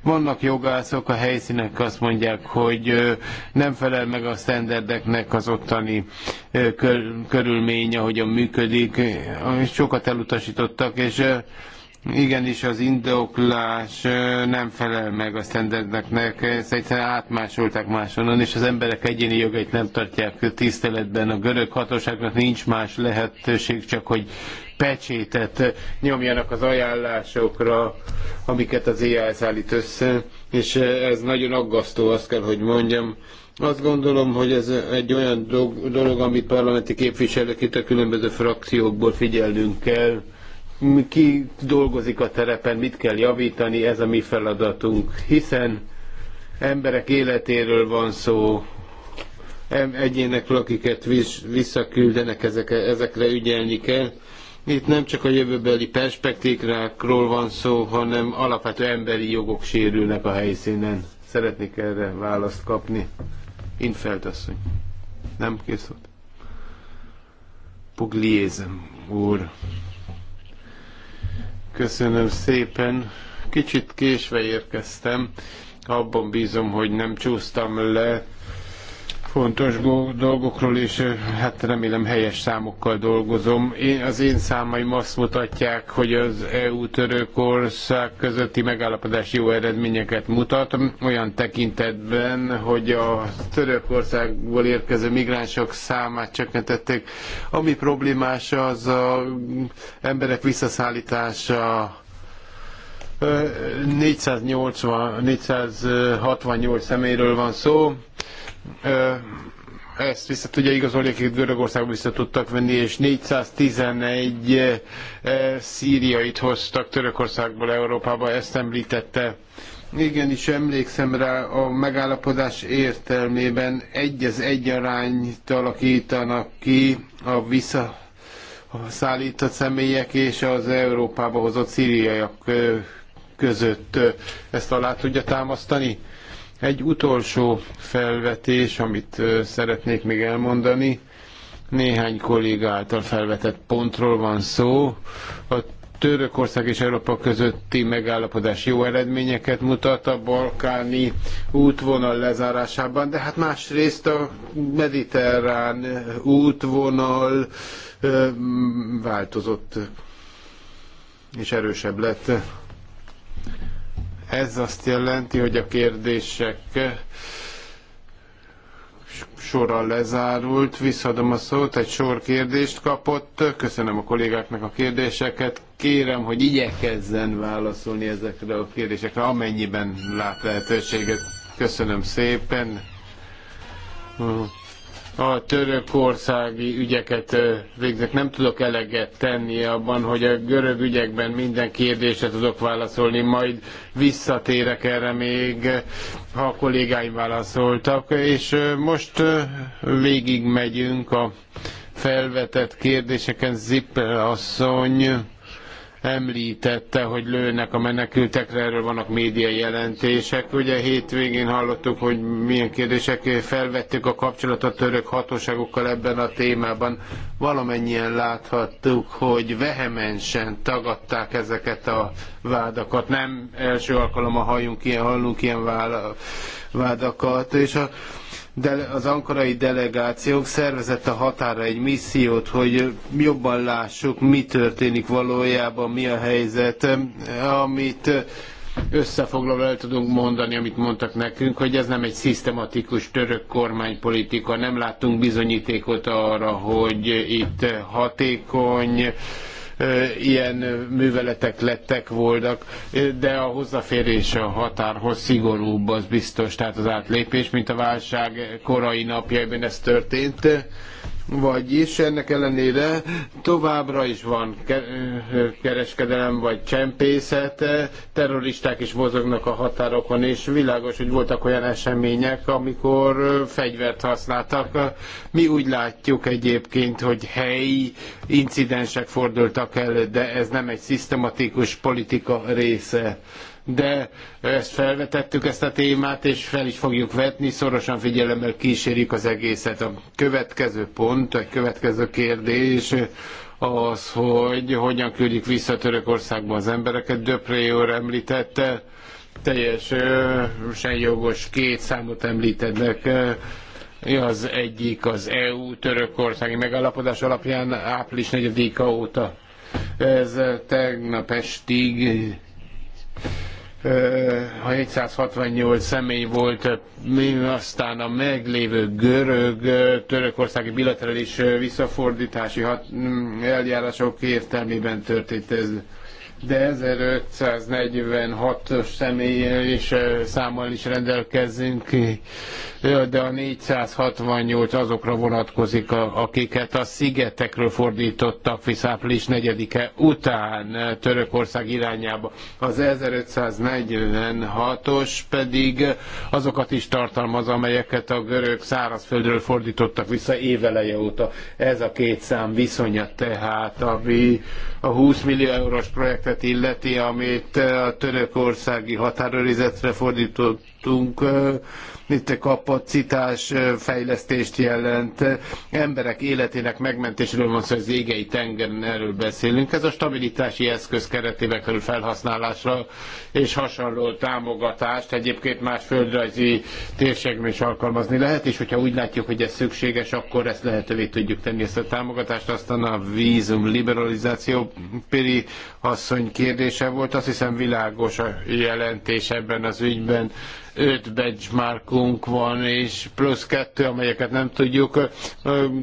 Vannak jogászok a helyszínek, azt mondják, hogy nem felel meg a sztenderdeknek az ottani körülmény, ahogyan működik, és sokat elutasítottak, és Igenis, az indoklás nem felel meg a standardeknek, ezt egyszerűen átmásolták máshonnan, és az emberek egyéni jogait nem tartják tiszteletben. A görög hatóságnak nincs más lehetőség, csak hogy pecsétet nyomjanak az ajánlásokra, amiket az EAS állít össze, és ez nagyon aggasztó, azt kell, hogy mondjam. Azt gondolom, hogy ez egy olyan dolog, amit parlamenti képviselők itt a különböző frakciókból figyelnünk kell. Ki dolgozik a terepen, mit kell javítani, ez a mi feladatunk, hiszen emberek életéről van szó, egyénekről, akiket visszaküldenek, ezekre, ezekre ügyelni kell. Itt nem csak a jövőbeli perspektívákról van szó, hanem alapvető emberi jogok sérülnek a helyszínen. Szeretnék erre választ kapni. Én asszony. Nem kész volt. Pugliézem úr. Köszönöm szépen. Kicsit késve érkeztem. Abban bízom, hogy nem csúsztam le fontos dolgokról, és hát remélem helyes számokkal dolgozom. Én, az én számaim azt mutatják, hogy az EU-Törökország közötti megállapodás jó eredményeket mutat, olyan tekintetben, hogy a Törökországból érkező migránsok számát csökkentették. Ami problémás, az a emberek visszaszállítása 480, 468 személyről van szó, ezt vissza tudja igazolni, akik Görögországba vissza tudtak venni, és 411 szíriait hoztak Törökországból Európába, ezt említette. Igen, is emlékszem rá, a megállapodás értelmében egy az egy arányt alakítanak ki a vissza szállított személyek és az Európába hozott szíriaiak között. Ezt alá tudja támasztani? Egy utolsó felvetés, amit szeretnék még elmondani, néhány kolléga által felvetett pontról van szó. A Törökország és Európa közötti megállapodás jó eredményeket mutat a balkáni útvonal lezárásában, de hát másrészt a mediterrán útvonal változott és erősebb lett. Ez azt jelenti, hogy a kérdések sora lezárult. Visszadom a szót, egy sor kérdést kapott. Köszönöm a kollégáknak a kérdéseket. Kérem, hogy igyekezzen válaszolni ezekre a kérdésekre, amennyiben lát lehetőséget. Köszönöm szépen a törökországi ügyeket végzek. Nem tudok eleget tenni abban, hogy a görög ügyekben minden kérdésre tudok válaszolni, majd visszatérek erre még, ha a kollégáim válaszoltak. És most végigmegyünk a felvetett kérdéseken. Zipper asszony említette, hogy lőnek a menekültekre, erről vannak média jelentések. Ugye hétvégén hallottuk, hogy milyen kérdések felvettük a kapcsolatot török hatóságokkal ebben a témában. Valamennyien láthattuk, hogy vehemensen tagadták ezeket a vádakat. Nem első alkalommal halljunk ilyen, hallunk ilyen vádakat. És a de az ankarai delegációk szervezett a határa egy missziót, hogy jobban lássuk, mi történik valójában, mi a helyzet, amit összefoglalva el tudunk mondani, amit mondtak nekünk, hogy ez nem egy szisztematikus török kormánypolitika, nem láttunk bizonyítékot arra, hogy itt hatékony ilyen műveletek lettek voltak, de a hozzáférés a határhoz szigorúbb, az biztos, tehát az átlépés, mint a válság korai napjaiban ez történt. Vagyis ennek ellenére továbbra is van kereskedelem vagy csempészet, terroristák is mozognak a határokon, és világos, hogy voltak olyan események, amikor fegyvert használtak. Mi úgy látjuk egyébként, hogy helyi incidensek fordultak elő, de ez nem egy szisztematikus politika része de ezt felvetettük ezt a témát, és fel is fogjuk vetni, szorosan figyelemmel kísérjük az egészet. A következő pont, a következő kérdés az, hogy hogyan küldjük vissza Törökországba az embereket. Döpré úr említette, teljesen jogos két számot említettek. Az egyik az EU-törökországi megállapodás alapján április 4-a óta. Ez tegnap estig ha 768 személy volt, aztán a meglévő görög törökországi bilaterális visszafordítási eljárások értelmében történt ez de 1546 személy és számmal is rendelkezünk, de a 468 azokra vonatkozik, akiket a szigetekről fordítottak vissza 4-e után Törökország irányába. Az 1546-os pedig azokat is tartalmaz, amelyeket a görög szárazföldről fordítottak vissza éveleje óta. Ez a két szám viszonya tehát, ami a 20 millió eurós projekt projektet illeti, amit eh, a törökországi határőrizetre fordítottunk. Eh, itt a kapacitás eh, fejlesztést jelent. Emberek életének megmentéséről van szó, az égei tengeren erről beszélünk. Ez a stabilitási eszköz keretében kerül felhasználásra, és hasonló támogatást egyébként más földrajzi térségben is alkalmazni lehet, és hogyha úgy látjuk, hogy ez szükséges, akkor ezt lehetővé tudjuk tenni ezt a támogatást. Aztán a vízum liberalizáció, Piri asszony asszony kérdése volt, azt hiszem világos a jelentés ebben az ügyben. Öt benchmarkunk van, és plusz kettő, amelyeket nem tudjuk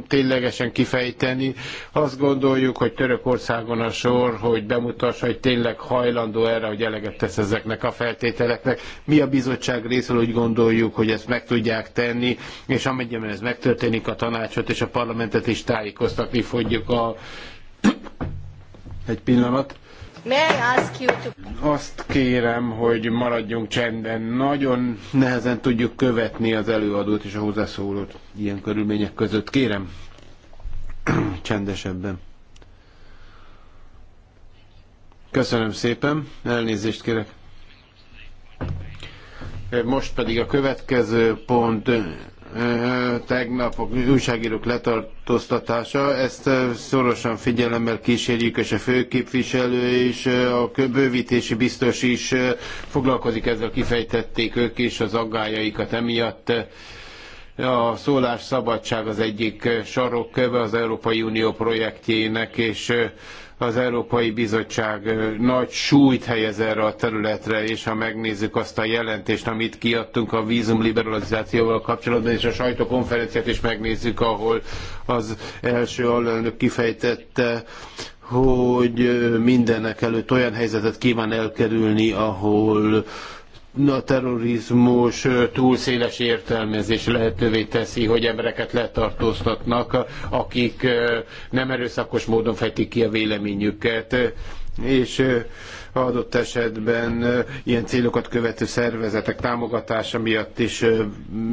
ténylegesen kifejteni. Azt gondoljuk, hogy Törökországon a sor, hogy bemutassa, hogy tényleg hajlandó erre, hogy eleget tesz ezeknek a feltételeknek. Mi a bizottság részről úgy gondoljuk, hogy ezt meg tudják tenni, és amennyiben ez megtörténik, a tanácsot és a parlamentet is tájékoztatni fogjuk a egy pillanat. Azt kérem, hogy maradjunk csendben. Nagyon nehezen tudjuk követni az előadót és a hozzászólót ilyen körülmények között. Kérem, *clears throat* csendesebben. Köszönöm szépen, elnézést kérek. Most pedig a következő pont tegnap a újságírók letartóztatása, ezt szorosan figyelemmel kísérjük, és a főképviselő és a bővítési biztos is foglalkozik ezzel, kifejtették ők is az aggájaikat emiatt. A szólásszabadság az egyik sarokköve az Európai Unió projektjének, és az Európai Bizottság nagy súlyt helyez erre a területre, és ha megnézzük azt a jelentést, amit kiadtunk a vízum liberalizációval kapcsolatban, és a sajtókonferenciát is megnézzük, ahol az első alelnök kifejtette, hogy mindenek előtt olyan helyzetet kíván elkerülni, ahol a terrorizmus túl széles értelmezés lehetővé teszi, hogy embereket letartóztatnak, akik nem erőszakos módon fejtik ki a véleményüket, és adott esetben ilyen célokat követő szervezetek támogatása miatt is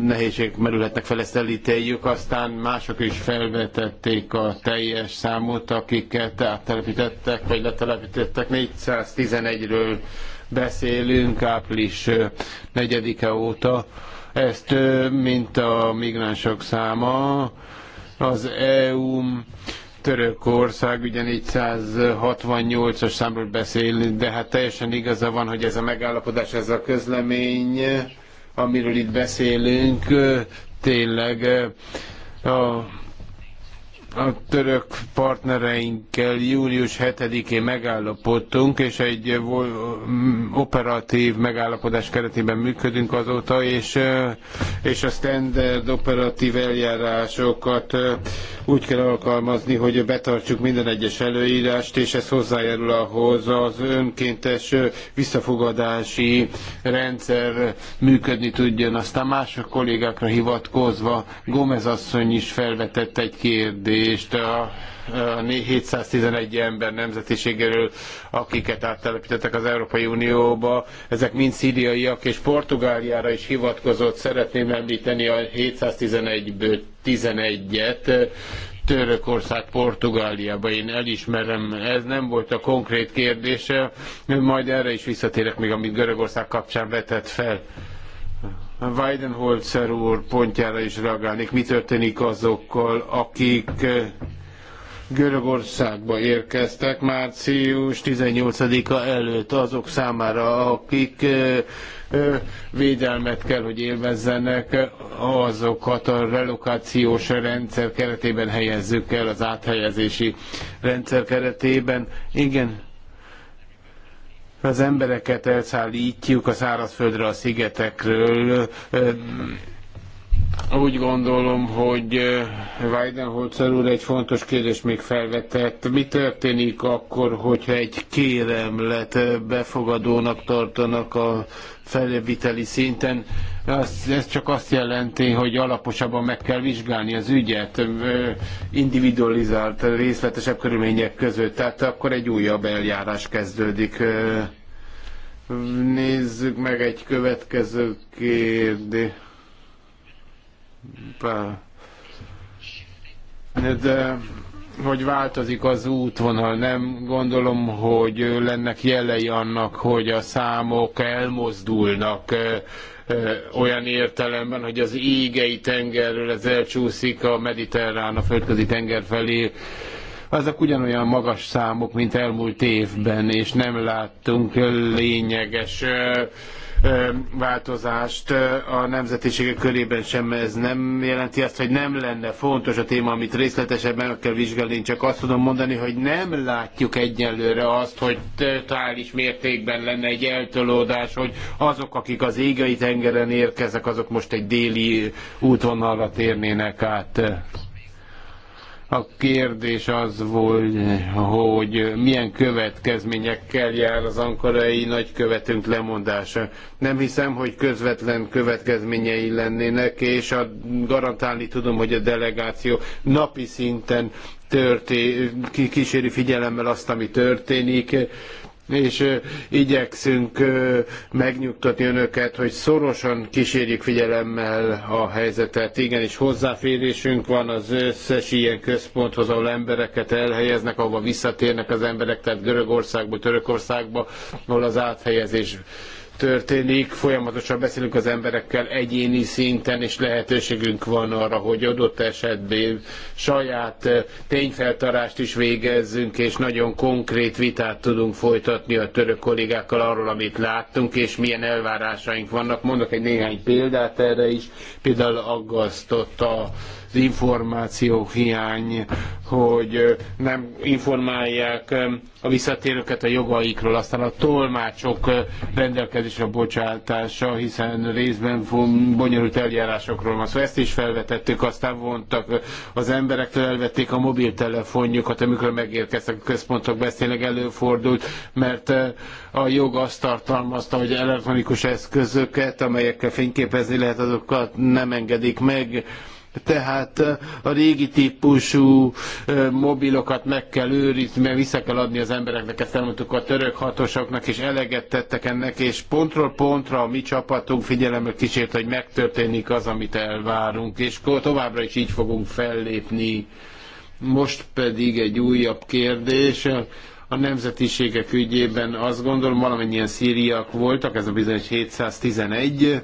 nehézségek merülhetnek fel, ezt elítéljük. Aztán mások is felvetették a teljes számot, akiket áttelepítettek, vagy letelepítettek 411-ről beszélünk április 4-e óta. Ezt több, mint a migránsok száma. Az EU Törökország ugye 468-as számról beszélünk, de hát teljesen igaza van, hogy ez a megállapodás, ez a közlemény, amiről itt beszélünk, tényleg a a török partnereinkkel július 7-én megállapodtunk, és egy operatív megállapodás keretében működünk azóta, és, és a standard operatív eljárásokat úgy kell alkalmazni, hogy betartsuk minden egyes előírást, és ez hozzájárul ahhoz az önkéntes visszafogadási rendszer működni tudjon. Aztán mások kollégákra hivatkozva Gomez asszony is felvetett egy kérdést, elnézést a 711 ember nemzetiségéről, akiket áttelepítettek az Európai Unióba. Ezek mind szíriaiak, és Portugáliára is hivatkozott. Szeretném említeni a 711-ből 11-et. Törökország Portugáliába, én elismerem, ez nem volt a konkrét kérdése, majd erre is visszatérek még, amit Görögország kapcsán vetett fel. Weidenholzer úr pontjára is reagálnék. Mi történik azokkal, akik eh, Görögországba érkeztek március 18-a előtt azok számára, akik eh, eh, védelmet kell, hogy élvezzenek, azokat a relokációs rendszer keretében helyezzük el, az áthelyezési rendszer keretében. Igen, az embereket elszállítjuk a szárazföldre, a szigetekről, úgy gondolom, hogy eh, Weidenholzer úr egy fontos kérdést még felvetett. Mi történik akkor, hogyha egy kéremlet befogadónak tartanak a felviteli szinten? Ez csak azt jelenti, hogy alaposabban meg kell vizsgálni az ügyet, eh, individualizált, részletesebb körülmények között. Tehát akkor egy újabb eljárás kezdődik. Eh, nézzük meg egy következő kérdést de hogy változik az útvonal, nem gondolom, hogy lennek jelei annak, hogy a számok elmozdulnak olyan értelemben, hogy az égei tengerről ez elcsúszik a mediterrán, a földközi tenger felé. Azok ugyanolyan magas számok, mint elmúlt évben, és nem láttunk lényeges változást a nemzetiségek körében sem. Ez nem jelenti azt, hogy nem lenne fontos a téma, amit részletesebben meg kell vizsgálni. Én csak azt tudom mondani, hogy nem látjuk egyenlőre azt, hogy totális mértékben lenne egy eltolódás, hogy azok, akik az égei tengeren érkeznek, azok most egy déli útvonalra térnének át. A kérdés az volt, hogy milyen következményekkel jár az ankarai nagykövetünk lemondása. Nem hiszem, hogy közvetlen következményei lennének, és a, garantálni tudom, hogy a delegáció napi szinten történ, kíséri figyelemmel azt, ami történik és igyekszünk megnyugtatni önöket, hogy szorosan kísérjük figyelemmel a helyzetet. Igenis hozzáférésünk van az összes ilyen központhoz, ahol embereket elhelyeznek, ahova visszatérnek az emberek, tehát Görögországba, Törökországba, ahol az áthelyezés történik, folyamatosan beszélünk az emberekkel egyéni szinten, és lehetőségünk van arra, hogy adott esetben saját eh, tényfeltarást is végezzünk, és nagyon konkrét vitát tudunk folytatni a török kollégákkal arról, amit láttunk, és milyen elvárásaink vannak. Mondok egy néhány példát erre is. Például aggasztott a információ hiány, hogy nem informálják a visszatérőket a jogaikról, aztán a tolmácsok rendelkezésre bocsátása, hiszen részben bonyolult eljárásokról van szó. Szóval ezt is felvetettük, aztán vontak az emberektől, elvették a mobiltelefonjukat, amikor megérkeztek a központok beszélnek előfordult, mert a jog azt tartalmazta, hogy elektronikus eszközöket, amelyekkel fényképezni lehet, azokat nem engedik meg tehát a régi típusú mobilokat meg kell őrizni, mert vissza kell adni az embereknek, ezt elmondtuk a török hatósoknak, és eleget tettek ennek, és pontról pontra a mi csapatunk figyelemmel kísért, hogy megtörténik az, amit elvárunk, és továbbra is így fogunk fellépni. Most pedig egy újabb kérdés a nemzetiségek ügyében azt gondolom valamennyien szíriak voltak, ez a bizonyos 711,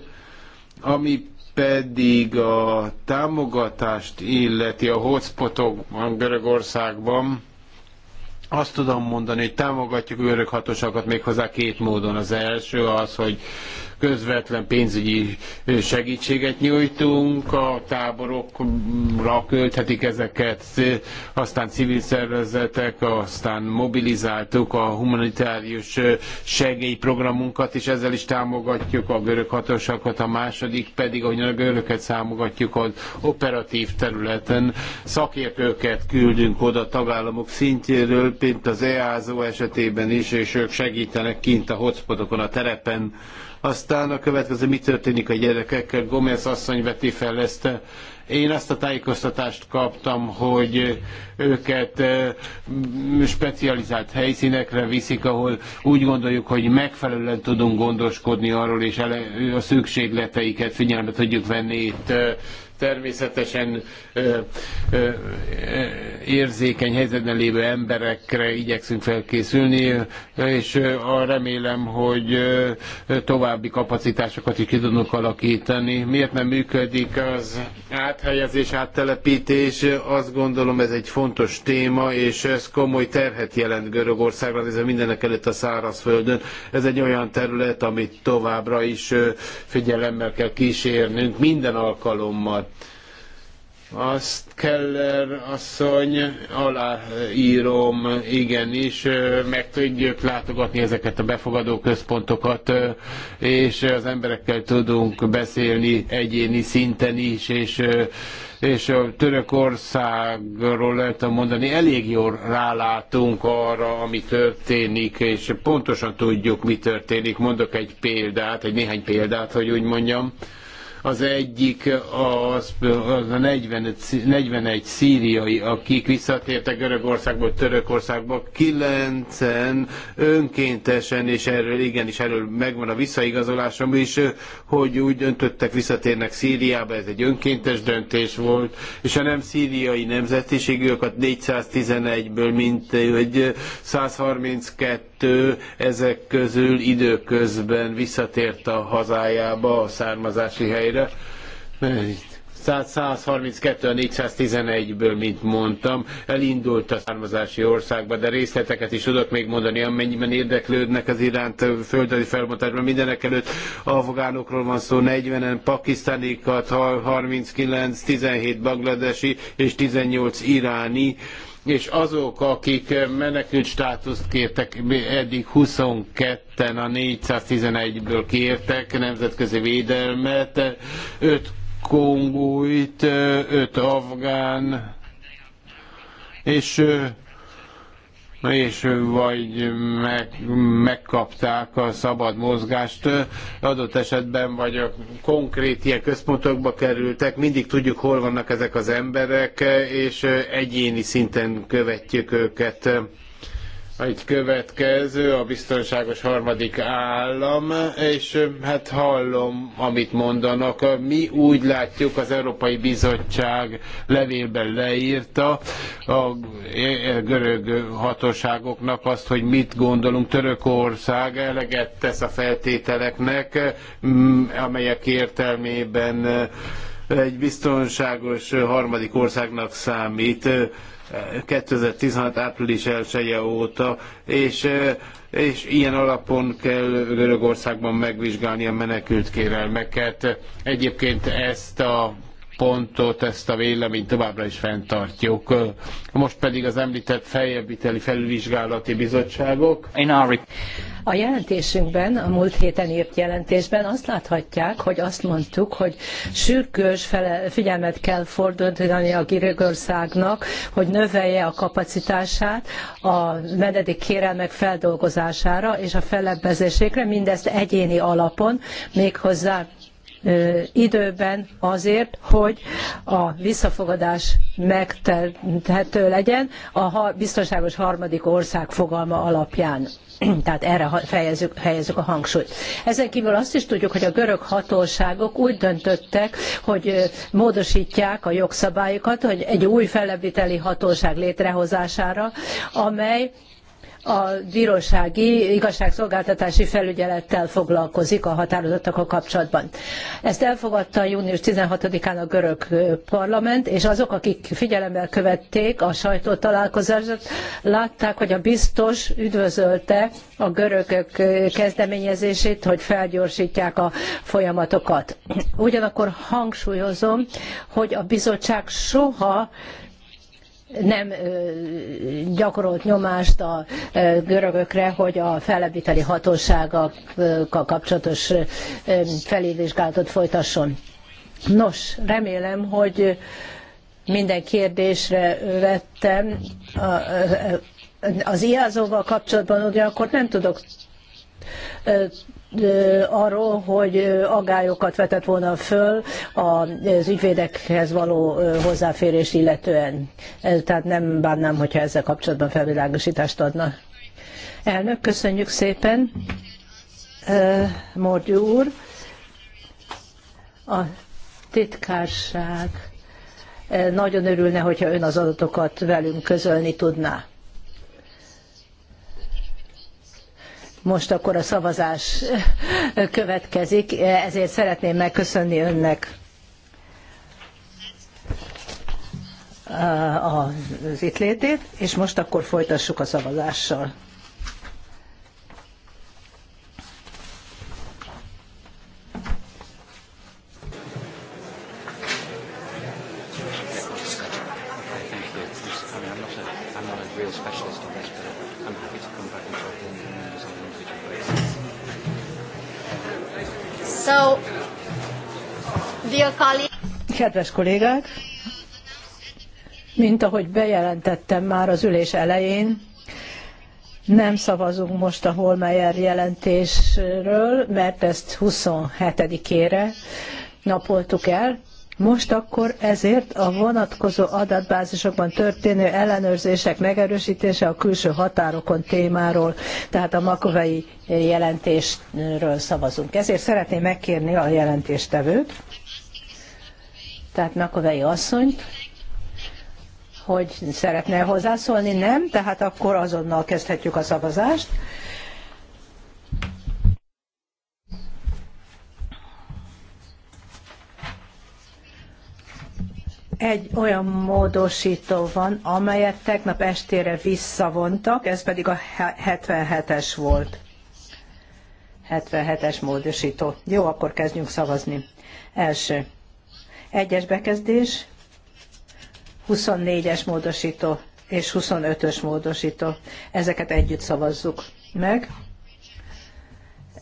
ami pedig a támogatást illeti a hotspotokban Görögországban, azt tudom mondani, hogy támogatjuk a görög hatóságokat méghozzá két módon. Az első az, hogy közvetlen pénzügyi segítséget nyújtunk, a táborokra költhetik ezeket, aztán civil szervezetek, aztán mobilizáltuk a humanitárius segélyprogramunkat, és ezzel is támogatjuk a görög hatóságokat, a második pedig, ahogy a görögöket támogatjuk az operatív területen, szakértőket küldünk oda tagállamok szintjéről, mint az EASO esetében is, és ők segítenek kint a hotspotokon, a terepen, aztán a következő, mi történik a gyerekekkel? Gomez asszony veti fel ezt. Én azt a tájékoztatást kaptam, hogy őket specializált helyszínekre viszik, ahol úgy gondoljuk, hogy megfelelően tudunk gondoskodni arról, és a szükségleteiket figyelembe tudjuk venni itt természetesen ö, ö, érzékeny helyzetben lévő emberekre igyekszünk felkészülni, és ö, remélem, hogy ö, további kapacitásokat is ki tudunk alakítani. Miért nem működik az áthelyezés, áttelepítés? Azt gondolom ez egy fontos téma, és ez komoly terhet jelent Görögországra, ez mindenek előtt a szárazföldön. Ez egy olyan terület, amit továbbra is figyelemmel kell kísérnünk minden alkalommal azt Keller asszony, aláírom, igenis, meg tudjuk látogatni ezeket a befogadó központokat, és az emberekkel tudunk beszélni egyéni szinten is, és, és a Törökországról lehet mondani, elég jól rálátunk arra, ami történik, és pontosan tudjuk, mi történik. Mondok egy példát, egy néhány példát, hogy úgy mondjam az egyik az, az a 45, 41 szíriai, akik visszatértek Görögországból, Törökországba, kilencen önkéntesen, és erről igenis erről megvan a visszaigazolásom is, hogy úgy döntöttek, visszatérnek Szíriába, ez egy önkéntes döntés volt, és a nem szíriai nemzetiségűeket 411-ből mint egy 132 ezek közül időközben visszatért a hazájába, a származási hely helyre. 132 a 411-ből, mint mondtam, elindult a származási országba, de részleteket is tudok még mondani, amennyiben érdeklődnek az iránt földrajzi felmutatásban. Mindenek előtt afgánokról van szó, 40-en pakisztánikat, 39, 17 bangladesi és 18 iráni és azok, akik menekült státuszt kértek, eddig 22-en a 411-ből kértek nemzetközi védelmet, 5 kongóit, 5 afgán, és és vagy meg, megkapták a szabad mozgást, adott esetben vagy a konkrét ilyen központokba kerültek, mindig tudjuk, hol vannak ezek az emberek, és egyéni szinten követjük őket egy következő, a biztonságos harmadik állam, és hát hallom, amit mondanak. Mi úgy látjuk, az Európai Bizottság levélben leírta a e, e, görög hatóságoknak azt, hogy mit gondolunk Törökország eleget tesz a feltételeknek, mm, amelyek értelmében egy biztonságos harmadik országnak számít 2016 április 1 -e óta, és, és ilyen alapon kell Görögországban megvizsgálni a menekült kérelmeket. Egyébként ezt a pontot, ezt a véleményt továbbra is fenntartjuk. Most pedig az említett feljebbíteli felülvizsgálati bizottságok. A jelentésünkben, a múlt héten írt jelentésben azt láthatják, hogy azt mondtuk, hogy sürgős figyelmet kell fordítani a Görögországnak, hogy növelje a kapacitását a menedék kérelmek feldolgozására és a fellebbezésékre, mindezt egyéni alapon, méghozzá időben azért, hogy a visszafogadás megtehető legyen a biztonságos harmadik ország fogalma alapján. *clears throat* Tehát erre fejezzük, helyezzük a hangsúlyt. Ezen kívül azt is tudjuk, hogy a görög hatóságok úgy döntöttek, hogy módosítják a jogszabályokat, hogy egy új felebíteli hatóság létrehozására, amely a bírósági igazságszolgáltatási felügyelettel foglalkozik a határozatokkal kapcsolatban. Ezt elfogadta június 16-án a görög parlament, és azok, akik figyelemmel követték a sajtótalálkozást, látták, hogy a biztos üdvözölte a görögök kezdeményezését, hogy felgyorsítják a folyamatokat. Ugyanakkor hangsúlyozom, hogy a bizottság soha nem gyakorolt nyomást a görögökre, hogy a fellebbviteli hatóságokkal kapcsolatos felülvizsgálatot folytasson. Nos, remélem, hogy minden kérdésre vettem. Az IAZO-val kapcsolatban ugyanakkor nem tudok arról, hogy agályokat vetett volna föl az ügyvédekhez való hozzáférés illetően. Tehát nem bánnám, hogyha ezzel kapcsolatban felvilágosítást adna. Elnök, köszönjük szépen. Mordi úr, a titkárság nagyon örülne, hogyha ön az adatokat velünk közölni tudná. Most akkor a szavazás következik, ezért szeretném megköszönni önnek az itt létét, és most akkor folytassuk a szavazással. So, dear Kedves kollégák, mint ahogy bejelentettem már az ülés elején, nem szavazunk most a Holmeyer jelentésről, mert ezt 27-ére napoltuk el, most akkor ezért a vonatkozó adatbázisokban történő ellenőrzések megerősítése a külső határokon témáról, tehát a makovei jelentésről szavazunk. Ezért szeretném megkérni a jelentéstevőt, tehát Makovei asszonyt, hogy szeretne hozzászólni, nem? Tehát akkor azonnal kezdhetjük a szavazást. Egy olyan módosító van, amelyet tegnap estére visszavontak, ez pedig a 77-es volt. 77-es módosító. Jó, akkor kezdjünk szavazni. Első. Egyes bekezdés, 24-es módosító és 25-ös módosító. Ezeket együtt szavazzuk meg,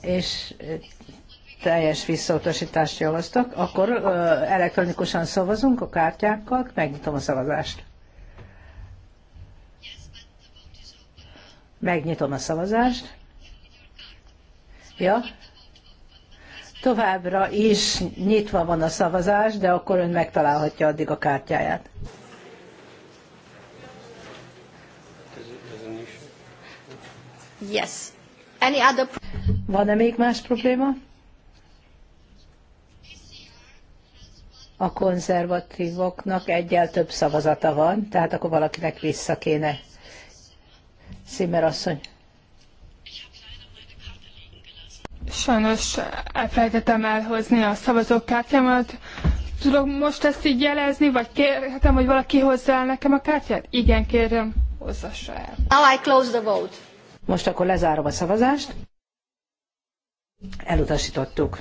és teljes visszautasítást javastok, akkor elektronikusan szavazunk a kártyákkal, megnyitom a szavazást. Megnyitom a szavazást. Ja, továbbra is nyitva van a szavazás, de akkor ön megtalálhatja addig a kártyáját. Yes. Any other... Van-e még más probléma? a konzervatívoknak egyel több szavazata van, tehát akkor valakinek vissza kéne. Szimmer asszony. Sajnos elfelejtettem elhozni a szavazókártyámat. Tudom most ezt így jelezni, vagy kérhetem, hogy valaki hozzá el nekem a kártyát? Igen, kérem, hozzassa el. Now I close the vote. Most akkor lezárom a szavazást. Elutasítottuk.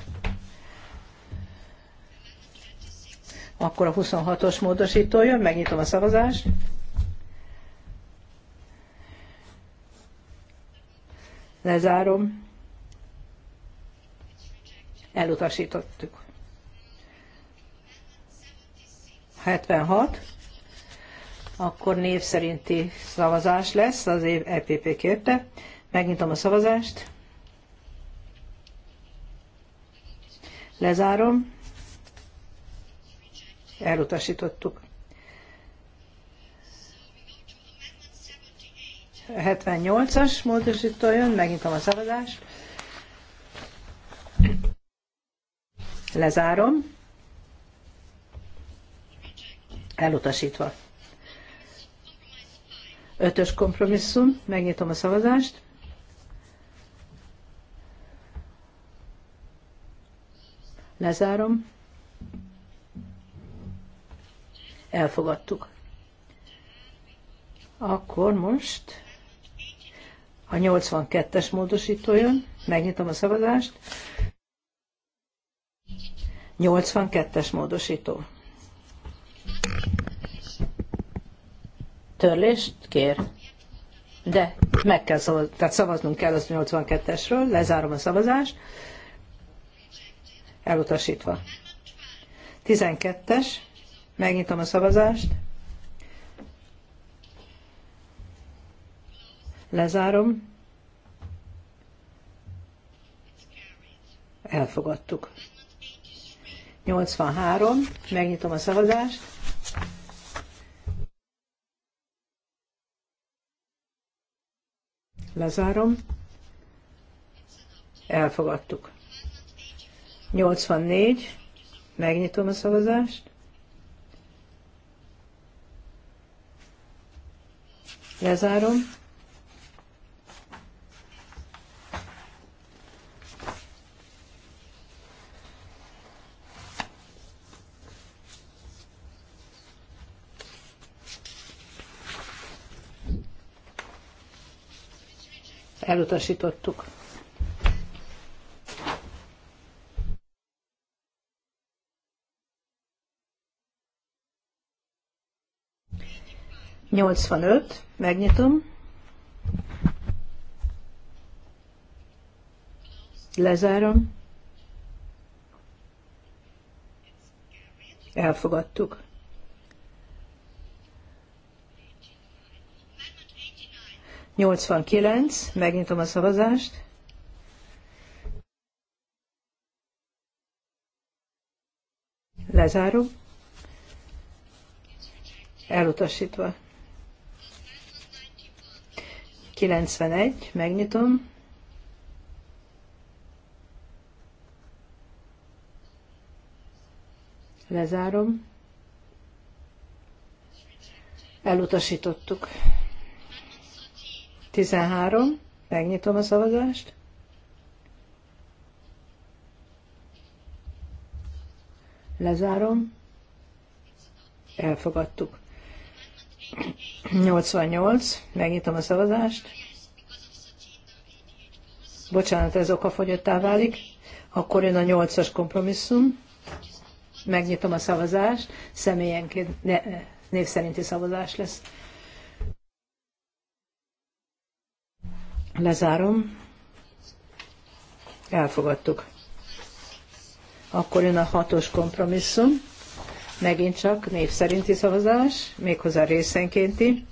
Akkor a 26-os módosító jön, megnyitom a szavazást. Lezárom. Elutasítottuk. 76. Akkor név szerinti szavazás lesz, az év EPP kérte. Megnyitom a szavazást. Lezárom elutasítottuk. 78-as módosító jön, megint a szavazást. Lezárom. Elutasítva. Ötös kompromisszum, megnyitom a szavazást. Lezárom. elfogadtuk. Akkor most a 82-es módosító jön, megnyitom a szavazást. 82-es módosító. Törlést kér. De meg kell szavazni, tehát szavaznunk kell az 82-esről, lezárom a szavazást. Elutasítva. 12-es, Megnyitom a szavazást. Lezárom. Elfogadtuk. 83. Megnyitom a szavazást. Lezárom. Elfogadtuk. 84. Megnyitom a szavazást. Lezárom. Elutasítottuk. 85, megnyitom. Lezárom. Elfogadtuk. Nyolcvankilenc, megnyitom a szavazást. Lezárom. Elutasítva. 91, megnyitom. Lezárom. Elutasítottuk. 13, megnyitom a szavazást. Lezárom. Elfogadtuk. 88, megnyitom a szavazást. Bocsánat, ez okafogyottá válik. Akkor jön a 8-as kompromisszum. Megnyitom a szavazást. Személyenként név szerinti szavazás lesz. Lezárom. Elfogadtuk. Akkor jön a os kompromisszum. Megint csak név szerinti szavazás, méghozzá részenkénti,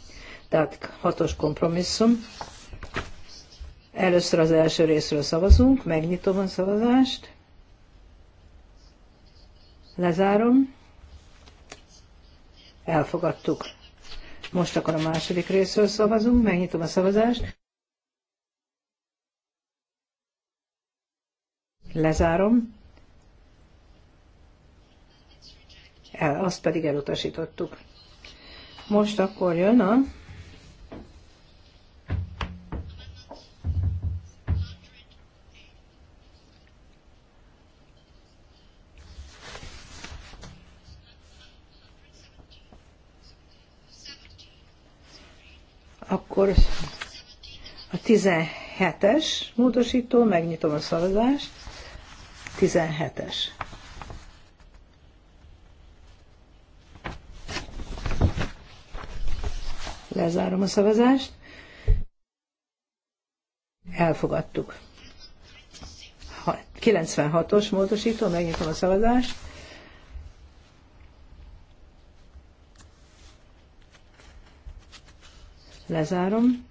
tehát hatos kompromisszum. Először az első részről szavazunk, megnyitom a szavazást, lezárom, elfogadtuk. Most akkor a második részről szavazunk, megnyitom a szavazást. Lezárom. el, azt pedig elutasítottuk. Most akkor jön a Akkor a 17-es módosító, megnyitom a szavazást, 17-es. Lezárom a szavazást. Elfogadtuk. 96-os módosító, megnyitom a szavazást. Lezárom.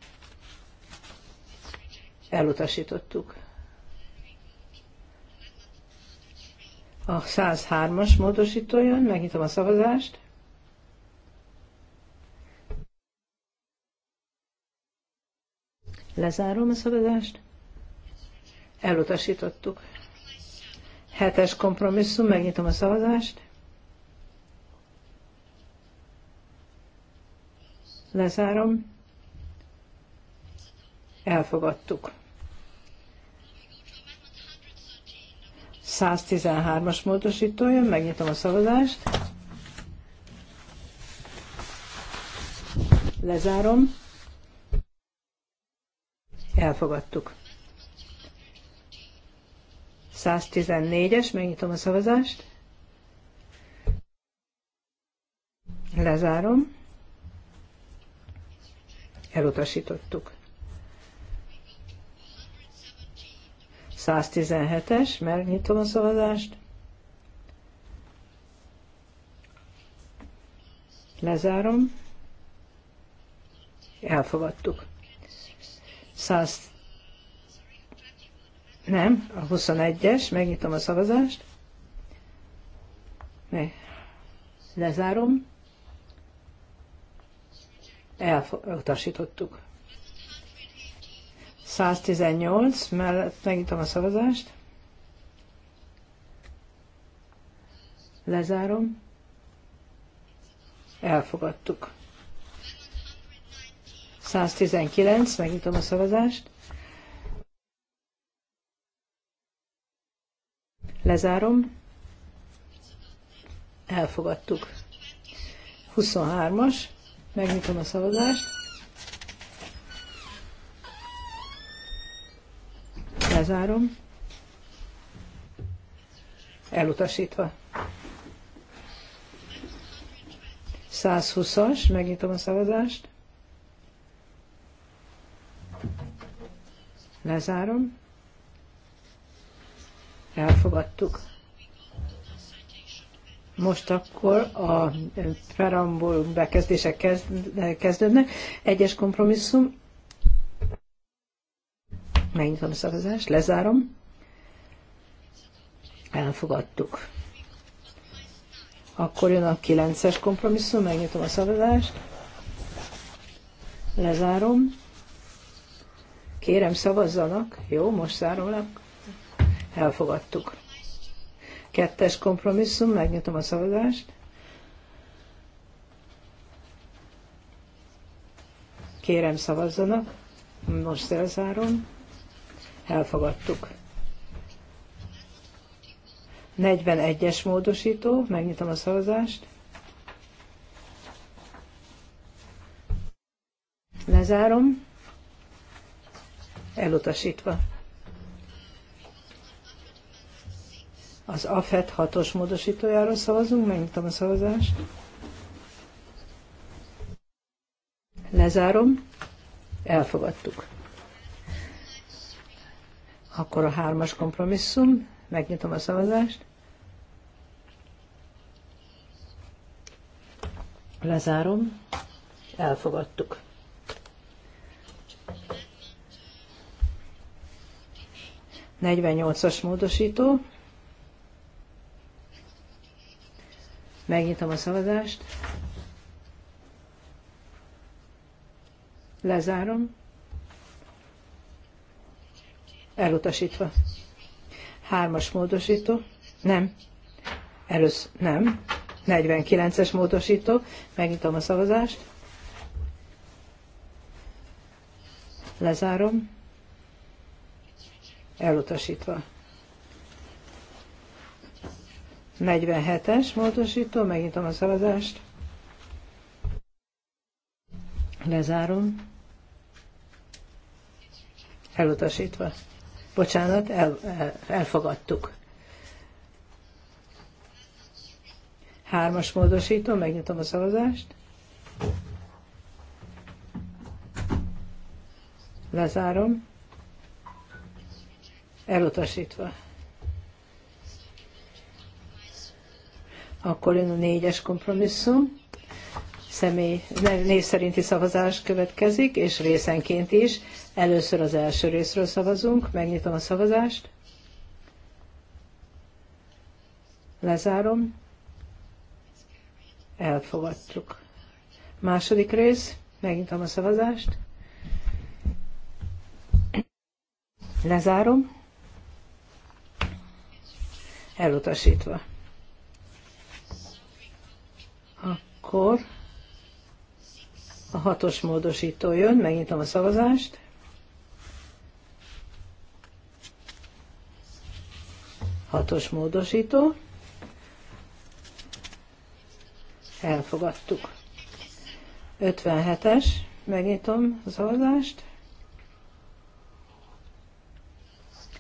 Elutasítottuk. A 103-as módosító jön, megnyitom a szavazást. Lezárom a szavazást. Elutasítottuk. Hetes kompromisszum, megnyitom a szavazást. Lezárom. Elfogadtuk. 113-as módosító jön, megnyitom a szavazást. Lezárom. Elfogadtuk. 114-es, megnyitom a szavazást. Lezárom. Elutasítottuk. 117-es, megnyitom a szavazást. Lezárom. Elfogadtuk. 100... Nem, a 21-es, megnyitom a szavazást. Ne. Lezárom. Elutasítottuk. 118 mellett megnyitom a szavazást. Lezárom. Elfogadtuk. 119, megnyitom a szavazást. Lezárom. Elfogadtuk. 23-as, megnyitom a szavazást. Lezárom. Elutasítva. 120-as, megnyitom a szavazást. Lezárom. Elfogadtuk. Most akkor a preambul bekezdések kezd, kezdődnek. Egyes kompromisszum. Megnyitom a szavazást, lezárom. Elfogadtuk. Akkor jön a 9-es kompromisszum, megnyitom a szavazást. Lezárom. Kérem, szavazzanak. Jó, most zárulnak. Elfogadtuk. Kettes kompromisszum, megnyitom a szavazást. Kérem, szavazzanak. Most elzárom. Elfogadtuk. 41-es módosító, megnyitom a szavazást. Lezárom elutasítva. Az AFET hatos módosítójáról szavazunk, megnyitom a szavazást. Lezárom, elfogadtuk. Akkor a hármas kompromisszum, megnyitom a szavazást. Lezárom, elfogadtuk. 48-as módosító. Megnyitom a szavazást. Lezárom. Elutasítva. Hármas módosító. Nem. Először nem. 49-es módosító. Megnyitom a szavazást. Lezárom elutasítva. 47-es módosító, megnyitom a szavazást. Lezárom. Elutasítva. Bocsánat, el, elfogadtuk. Hármas módosító, megnyitom a szavazást. Lezárom elutasítva. Akkor jön a négyes kompromisszum, személy név szerinti szavazás következik, és részenként is. Először az első részről szavazunk, megnyitom a szavazást. Lezárom. Elfogadtuk. Második rész, megnyitom a szavazást. Lezárom elutasítva. Akkor a hatos módosító jön, megnyitom a szavazást. Hatos módosító. Elfogadtuk. 57-es, megnyitom a szavazást.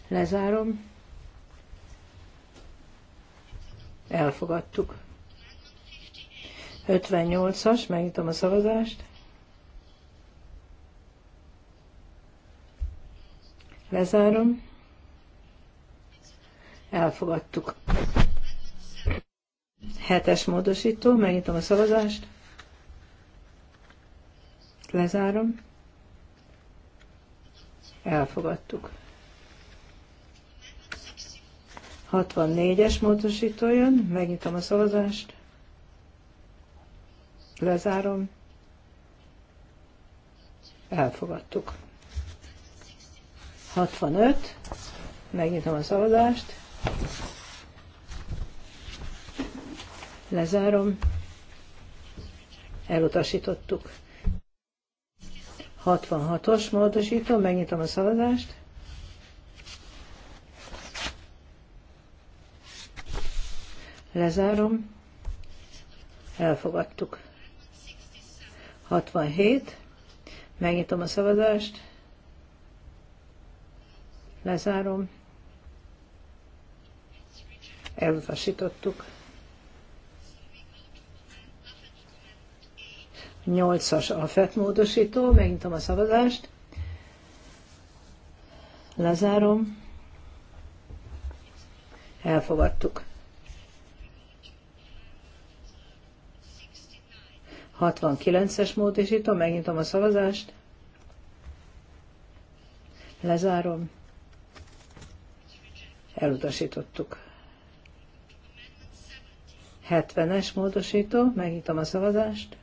Lezárom. Elfogadtuk. 58-as, megnyitom a szavazást. Lezárom. Elfogadtuk. Hetes módosító, megnyitom a szavazást. Lezárom. Elfogadtuk. 64-es módosító jön, megnyitom a szavazást, lezárom, elfogadtuk. 65, megnyitom a szavazást, lezárom, elutasítottuk. 66-os módosító, megnyitom a szavazást, Lezárom. Elfogadtuk. 67. Megnyitom a szavazást. Lezárom. Elutasítottuk. 8-as AFET módosító. Megnyitom a szavazást. Lezárom. Elfogadtuk. 69-es módosító, megnyitom a szavazást. Lezárom. Elutasítottuk. 70-es módosító, megnyitom a szavazást.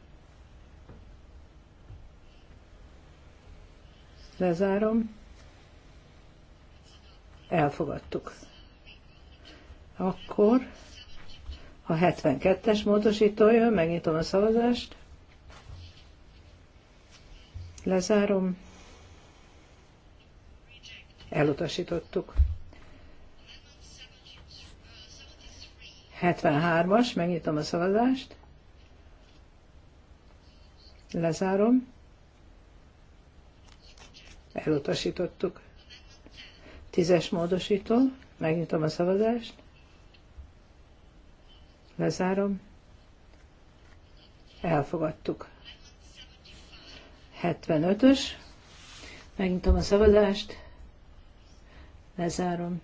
Lezárom. Elfogadtuk. Akkor a 72-es módosító jön, megnyitom a szavazást. Lezárom. Elutasítottuk. 73-as, megnyitom a szavazást. Lezárom. Elutasítottuk. Tízes módosító, megnyitom a szavazást. Lezárom. Elfogadtuk. 75-ös. Megnyitom a szavazást. Lezárom.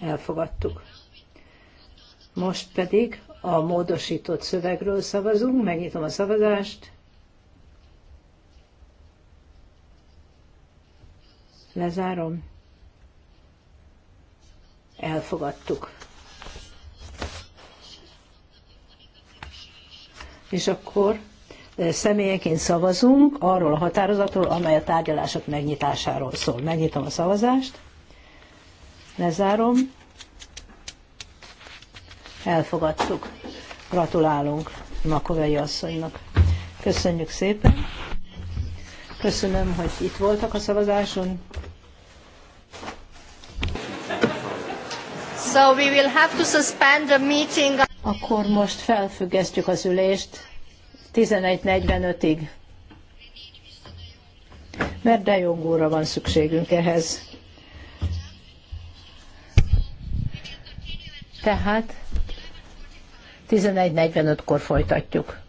Elfogadtuk. Most pedig a módosított szövegről szavazunk. Megnyitom a szavazást. Lezárom. Elfogadtuk. És akkor személyenként szavazunk arról a határozatról, amely a tárgyalások megnyitásáról szól. Megnyitom a szavazást, lezárom, elfogadtuk. Gratulálunk Makovei asszonynak. Köszönjük szépen. Köszönöm, hogy itt voltak a szavazáson. So we will have to suspend the meeting. Akkor most felfüggesztjük az ülést 11.45-ig. Mert de jongóra van szükségünk ehhez. Tehát 11.45-kor folytatjuk.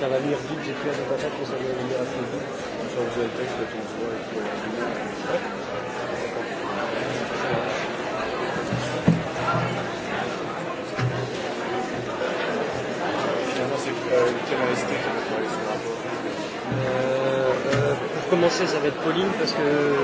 ça va venir vite, j'ai plus à peu près que ça va venir assez vite. Quand vous avez le texte, on se voit et puis on Finalement, c'est euh, euh, euh, Pour commencer, ça va être Pauline parce que. Euh,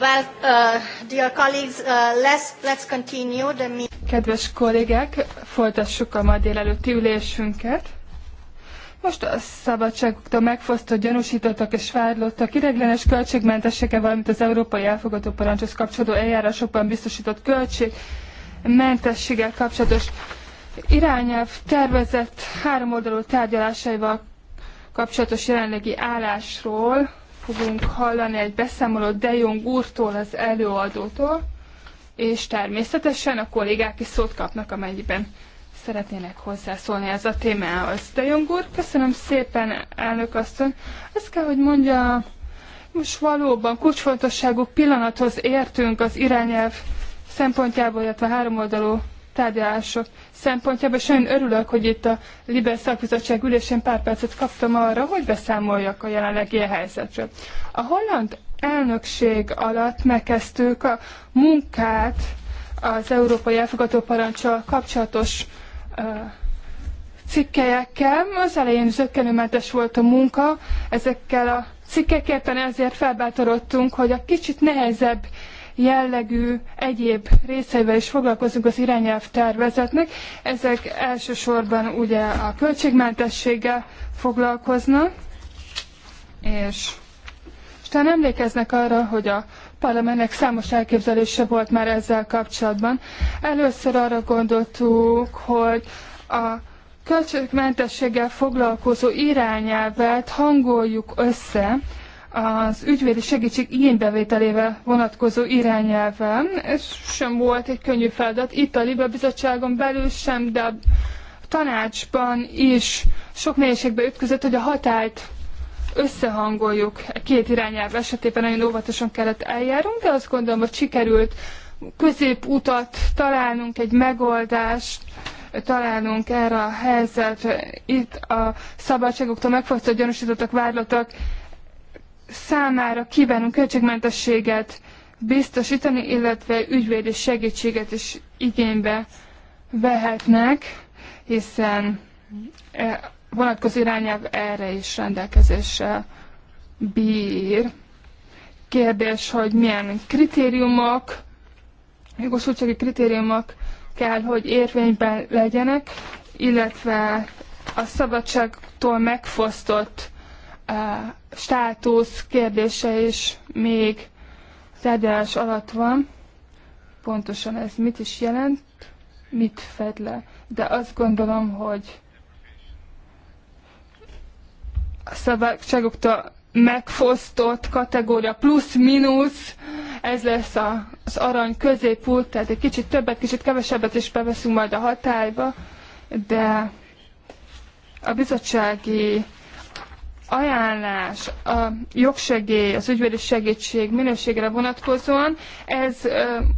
Well, uh, dear colleagues, uh, let's, let's continue the Kedves kollégák, folytassuk a ma délelőtti ülésünket. Most a szabadságoktól megfosztott gyanúsítottak és vádlottak ideiglenes költségmentessége, valamint az európai elfogadó parancshoz kapcsolódó eljárásokban biztosított költségmentességgel kapcsolatos irányelv tervezett háromoldalú tárgyalásaival kapcsolatos jelenlegi állásról fogunk hallani egy beszámolót De Jong úrtól, az előadótól, és természetesen a kollégák is szót kapnak, amennyiben szeretnének hozzászólni ez a témához. De Jong úr, köszönöm szépen, elnök asszony. Ezt kell, hogy mondja, most valóban kulcsfontosságú pillanathoz értünk az irányelv szempontjából, illetve háromoldalú tárgyalások szempontjából, és nagyon örülök, hogy itt a Liber szakbizottság ülésén pár percet kaptam arra, hogy beszámoljak a jelenlegi helyzetről. A holland elnökség alatt megkezdtük a munkát az Európai Elfogató Parancsal kapcsolatos cikkelyekkel. Az elején zöggenőmentes volt a munka ezekkel a cikkeképpen ezért felbátorodtunk, hogy a kicsit nehezebb jellegű egyéb részeivel is foglalkozunk az irányelv tervezetnek. Ezek elsősorban ugye a költségmentességgel foglalkoznak, és talán emlékeznek arra, hogy a parlamentnek számos elképzelése volt már ezzel kapcsolatban. Először arra gondoltuk, hogy a költségmentességgel foglalkozó irányelvet hangoljuk össze az ügyvédi segítség igénybevételével vonatkozó irányelven. Ez sem volt egy könnyű feladat. Itt a Libra Bizottságon belül sem, de a tanácsban is sok nehézségbe ütközött, hogy a hatályt összehangoljuk két irányelv esetében nagyon óvatosan kellett eljárunk, de azt gondolom, hogy sikerült középutat találnunk, egy megoldást, találnunk erre a helyzetre. Itt a szabadságoktól megfosztott gyanúsítottak, vádlottak számára kívánunk költségmentességet biztosítani, illetve ügyvédi segítséget is igénybe vehetnek, hiszen e, vonatkozó irányelv erre is rendelkezéssel bír. Kérdés, hogy milyen kritériumok, jogosultsági kritériumok kell, hogy érvényben legyenek, illetve a szabadságtól megfosztott státusz kérdése is még tárgyalás alatt van. Pontosan ez mit is jelent, mit fed le. De azt gondolom, hogy a szabadságoktól megfosztott kategória plusz-minusz, ez lesz a, az arany középút, tehát egy kicsit többet, kicsit kevesebbet is beveszünk majd a hatályba, de a bizottsági ajánlás a jogsegély, az ügyvédi segítség minőségre vonatkozóan, ez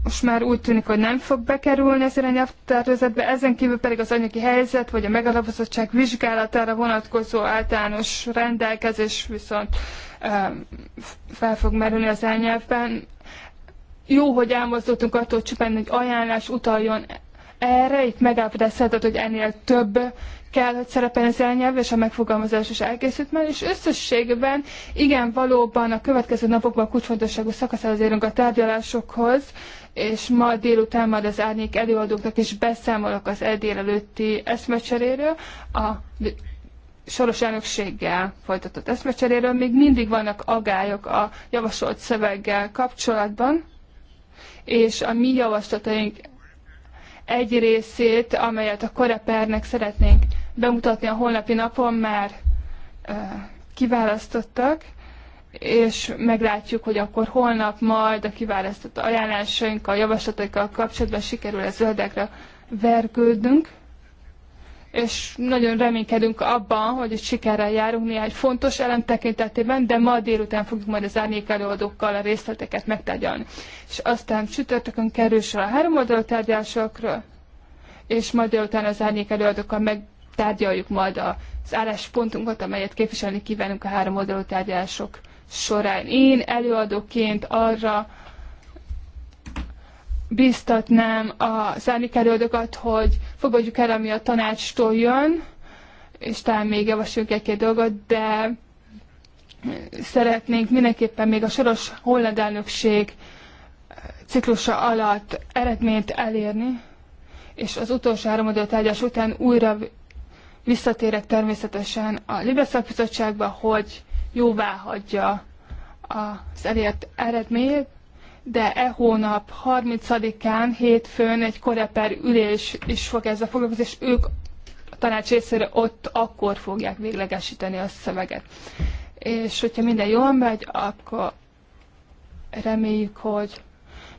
most már úgy tűnik, hogy nem fog bekerülni az irányelvtervezetbe, ezen kívül pedig az anyagi helyzet vagy a megalapozottság vizsgálatára vonatkozó általános rendelkezés viszont fel fog merülni az elnyelvben. Jó, hogy elmozdultunk attól, hogy csupán egy ajánlás utaljon erre. Itt megállapodás született, hogy ennél több kell, hogy szerepeljen az elnyelv, és a megfogalmazás is elkészült már, és összességben igen, valóban a következő napokban kulcsfontosságú szakaszához érünk a tárgyalásokhoz, és ma délután majd az árnyék előadóknak is beszámolok az e előtti eszmecseréről, a soros elnökséggel folytatott eszmecseréről. Még mindig vannak agályok a javasolt szöveggel kapcsolatban, és a mi javaslataink egy részét, amelyet a korepernek szeretnénk bemutatni a holnapi napon, már kiválasztottak, és meglátjuk, hogy akkor holnap majd a kiválasztott ajánlásainkkal, javaslatokkal kapcsolatban sikerül a zöldekre vergődnünk és nagyon reménykedünk abban, hogy itt sikerrel járunk néhány fontos elem tekintetében, de ma délután fogjuk majd az árnyék előadókkal a részleteket megtárgyalni. És aztán csütörtökön kerül a három oldalú tárgyalásokra, és ma délután az árnyék előadókkal megtárgyaljuk majd az álláspontunkat, amelyet képviselni kívánunk a három oldalú tárgyalások során. Én előadóként arra biztatnám a az árnyékelődökat, hogy fogadjuk el, ami a tanácstól jön, és talán még javasoljuk egy-két dolgot, de szeretnénk mindenképpen még a soros holland elnökség ciklusa alatt eredményt elérni, és az utolsó három tárgyás után újra visszatérek természetesen a Libre hogy jóvá hagyja az elért eredményt, de e hónap 30-án hétfőn egy koreper ülés is fog ezzel foglalkozni, és ők a tanács részére ott akkor fogják véglegesíteni a szöveget. És hogyha minden jól megy, akkor reméljük, hogy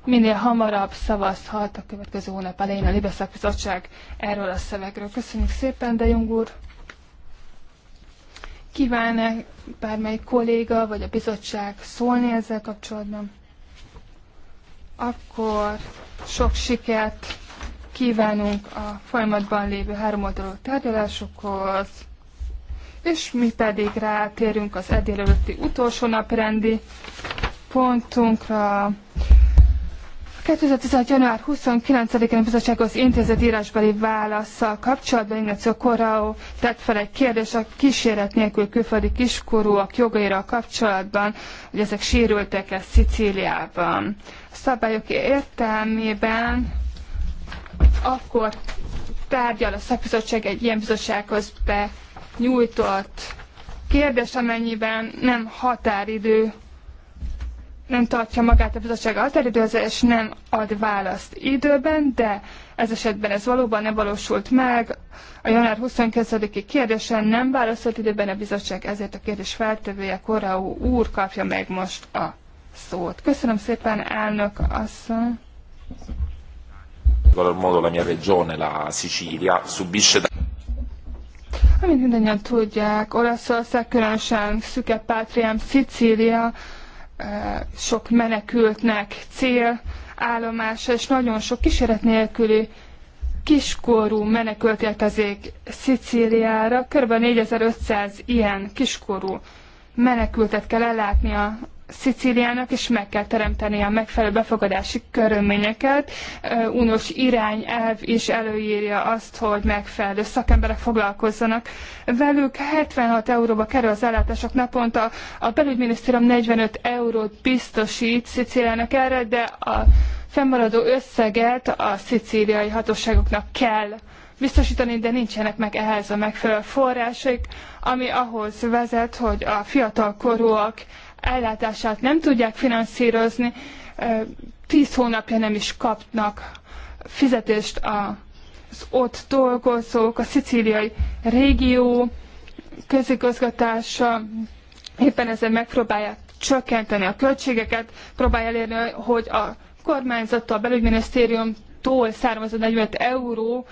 minél hamarabb szavazhat a következő hónap elején a Libeszak Bizottság erről a szövegről. Köszönjük szépen, de Jung úr! Kíván-e bármely kolléga vagy a bizottság szólni ezzel kapcsolatban? akkor sok sikert kívánunk a folyamatban lévő háromoldalú tárgyalásokhoz, és mi pedig rátérünk az eddig utolsó naprendi pontunkra, 2016. január 29-én a bizottsághoz intézett írásbeli válaszsal kapcsolatban Ignacio Corrao tett fel egy kérdés, a kíséret nélkül külföldi kiskorúak jogaira kapcsolatban, hogy ezek sérültek-e Szicíliában. A szabályok értelmében akkor tárgyal a szakbizottság egy ilyen bizottsághoz be nyújtott kérdés, amennyiben nem határidő nem tartja magát a bizottság határidőhöz, és nem ad választ időben, de ez esetben ez valóban nem valósult meg. A január 22-i kérdésen nem válaszolt időben a bizottság, ezért a kérdés feltevője Korau úr kapja meg most a szót. Köszönöm szépen, elnök asszony. Amint mindannyian tudják, Olaszország, különösen szüke pátriám, Szicília, Eh, sok menekültnek cél állomása, és nagyon sok kíséret nélküli kiskorú menekült érkezik Szicíliára. Kb. 4500 ilyen kiskorú menekültet kell ellátni a Szicíliának, és meg kell teremteni a megfelelő befogadási körülményeket. Uniós irányelv is előírja azt, hogy megfelelő szakemberek foglalkozzanak velük. 76 euróba kerül az ellátások naponta. A belügyminisztérium 45 eurót biztosít Szicíliának erre, de a fennmaradó összeget a szicíliai hatóságoknak kell biztosítani, de nincsenek meg ehhez a megfelelő források, ami ahhoz vezet, hogy a fiatal korúak ellátását nem tudják finanszírozni, tíz hónapja nem is kapnak fizetést az ott dolgozók, a szicíliai régió közigazgatása éppen ezzel megpróbálják csökkenteni a költségeket, próbálja elérni, hogy a kormányzattal, a belügyminisztériumtól származó 45 euró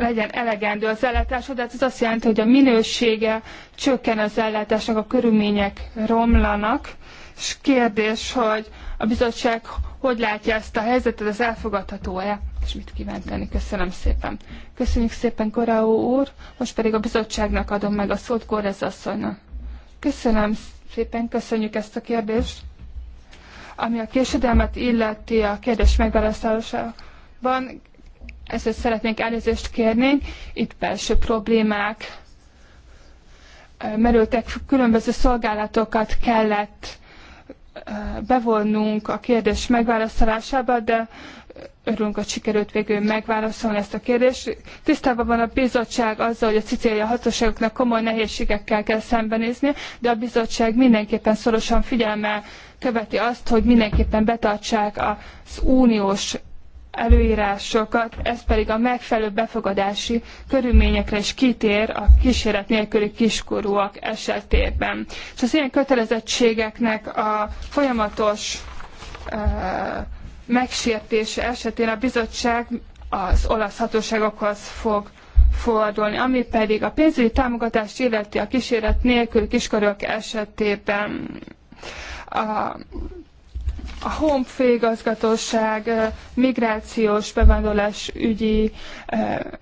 legyen elegendő az ellátás, de hát ez azt jelenti, hogy a minősége csökken az ellátásnak, a körülmények romlanak, és kérdés, hogy a bizottság hogy látja ezt a helyzetet, ez elfogadható-e, és mit kíván tenni. Köszönöm szépen. Köszönjük szépen, Koraó úr, most pedig a bizottságnak adom meg a szót Korez asszonynak. Köszönöm szépen, köszönjük ezt a kérdést. Ami a késedelmet illeti a kérdés megválaszolásában, ezért szeretnénk elnézést kérni. Itt belső problémák merültek, különböző szolgálatokat kellett bevonnunk a kérdés megválaszolásába, de örülünk, hogy sikerült végül megválaszolni ezt a kérdést. Tisztában van a bizottság azzal, hogy a cicélia hatóságoknak komoly nehézségekkel kell szembenézni, de a bizottság mindenképpen szorosan figyelme követi azt, hogy mindenképpen betartsák az uniós előírásokat, ez pedig a megfelelő befogadási körülményekre is kitér a kíséret nélküli kiskorúak esetében. És az ilyen kötelezettségeknek a folyamatos uh, megsértése esetén a bizottság az olasz hatóságokhoz fog fordulni, ami pedig a pénzügyi támogatást illeti a kíséret nélküli kiskorúak esetében. A a HOMP főigazgatóság migrációs bevándorlás ügyi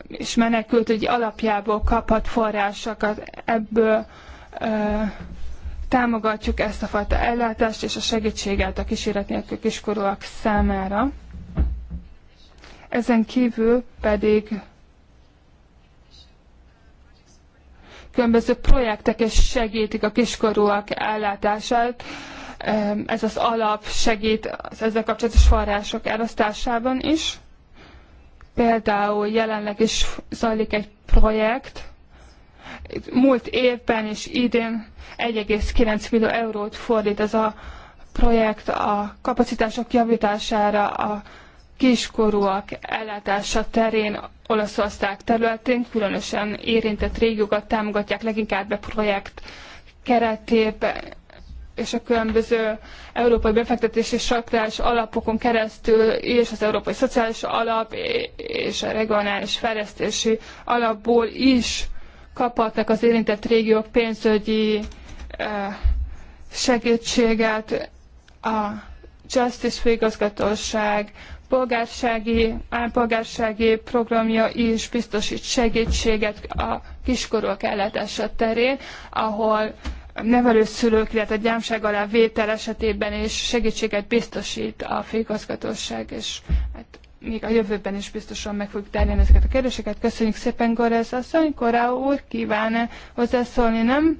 és menekültügyi alapjából kaphat forrásokat. Ebből támogatjuk ezt a fajta ellátást és a segítséget a kísérlet nélkül kiskorúak számára. Ezen kívül pedig különböző projektek és segítik a kiskorúak ellátását ez az alap segít az ezzel kapcsolatos források elosztásában is. Például jelenleg is zajlik egy projekt, múlt évben és idén 1,9 millió eurót fordít ez a projekt a kapacitások javítására, a kiskorúak ellátása terén Olaszország területén, különösen érintett régiókat támogatják leginkább a projekt keretében, és a különböző európai befektetési struktúrás alapokon keresztül, és az európai szociális alap és a regionális fejlesztési alapból is kaphatnak az érintett régiók pénzügyi segítséget a Justice főigazgatóság polgársági, állpolgársági programja is biztosít segítséget a kiskorúak ellátása terén, ahol nevelőszülők, illetve gyámság alá vétel esetében is segítséget biztosít a főigazgatóság, és hát még a jövőben is biztosan meg fogjuk tárgyalni ezeket a kérdéseket. Köszönjük szépen, Gorez asszony, Korá úr, kíván -e hozzászólni, nem?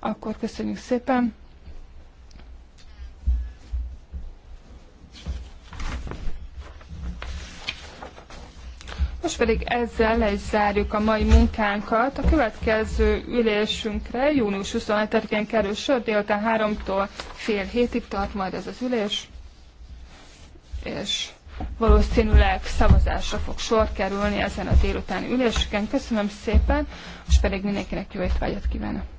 Akkor köszönjük szépen. Most pedig ezzel le is zárjuk a mai munkánkat. A következő ülésünkre június 27-én kerül sör, délután 3-tól fél hétig tart majd ez az ülés, és valószínűleg szavazásra fog sor kerülni ezen a délutáni ülésüken. Köszönöm szépen, most pedig mindenkinek jó étvágyat kívánok!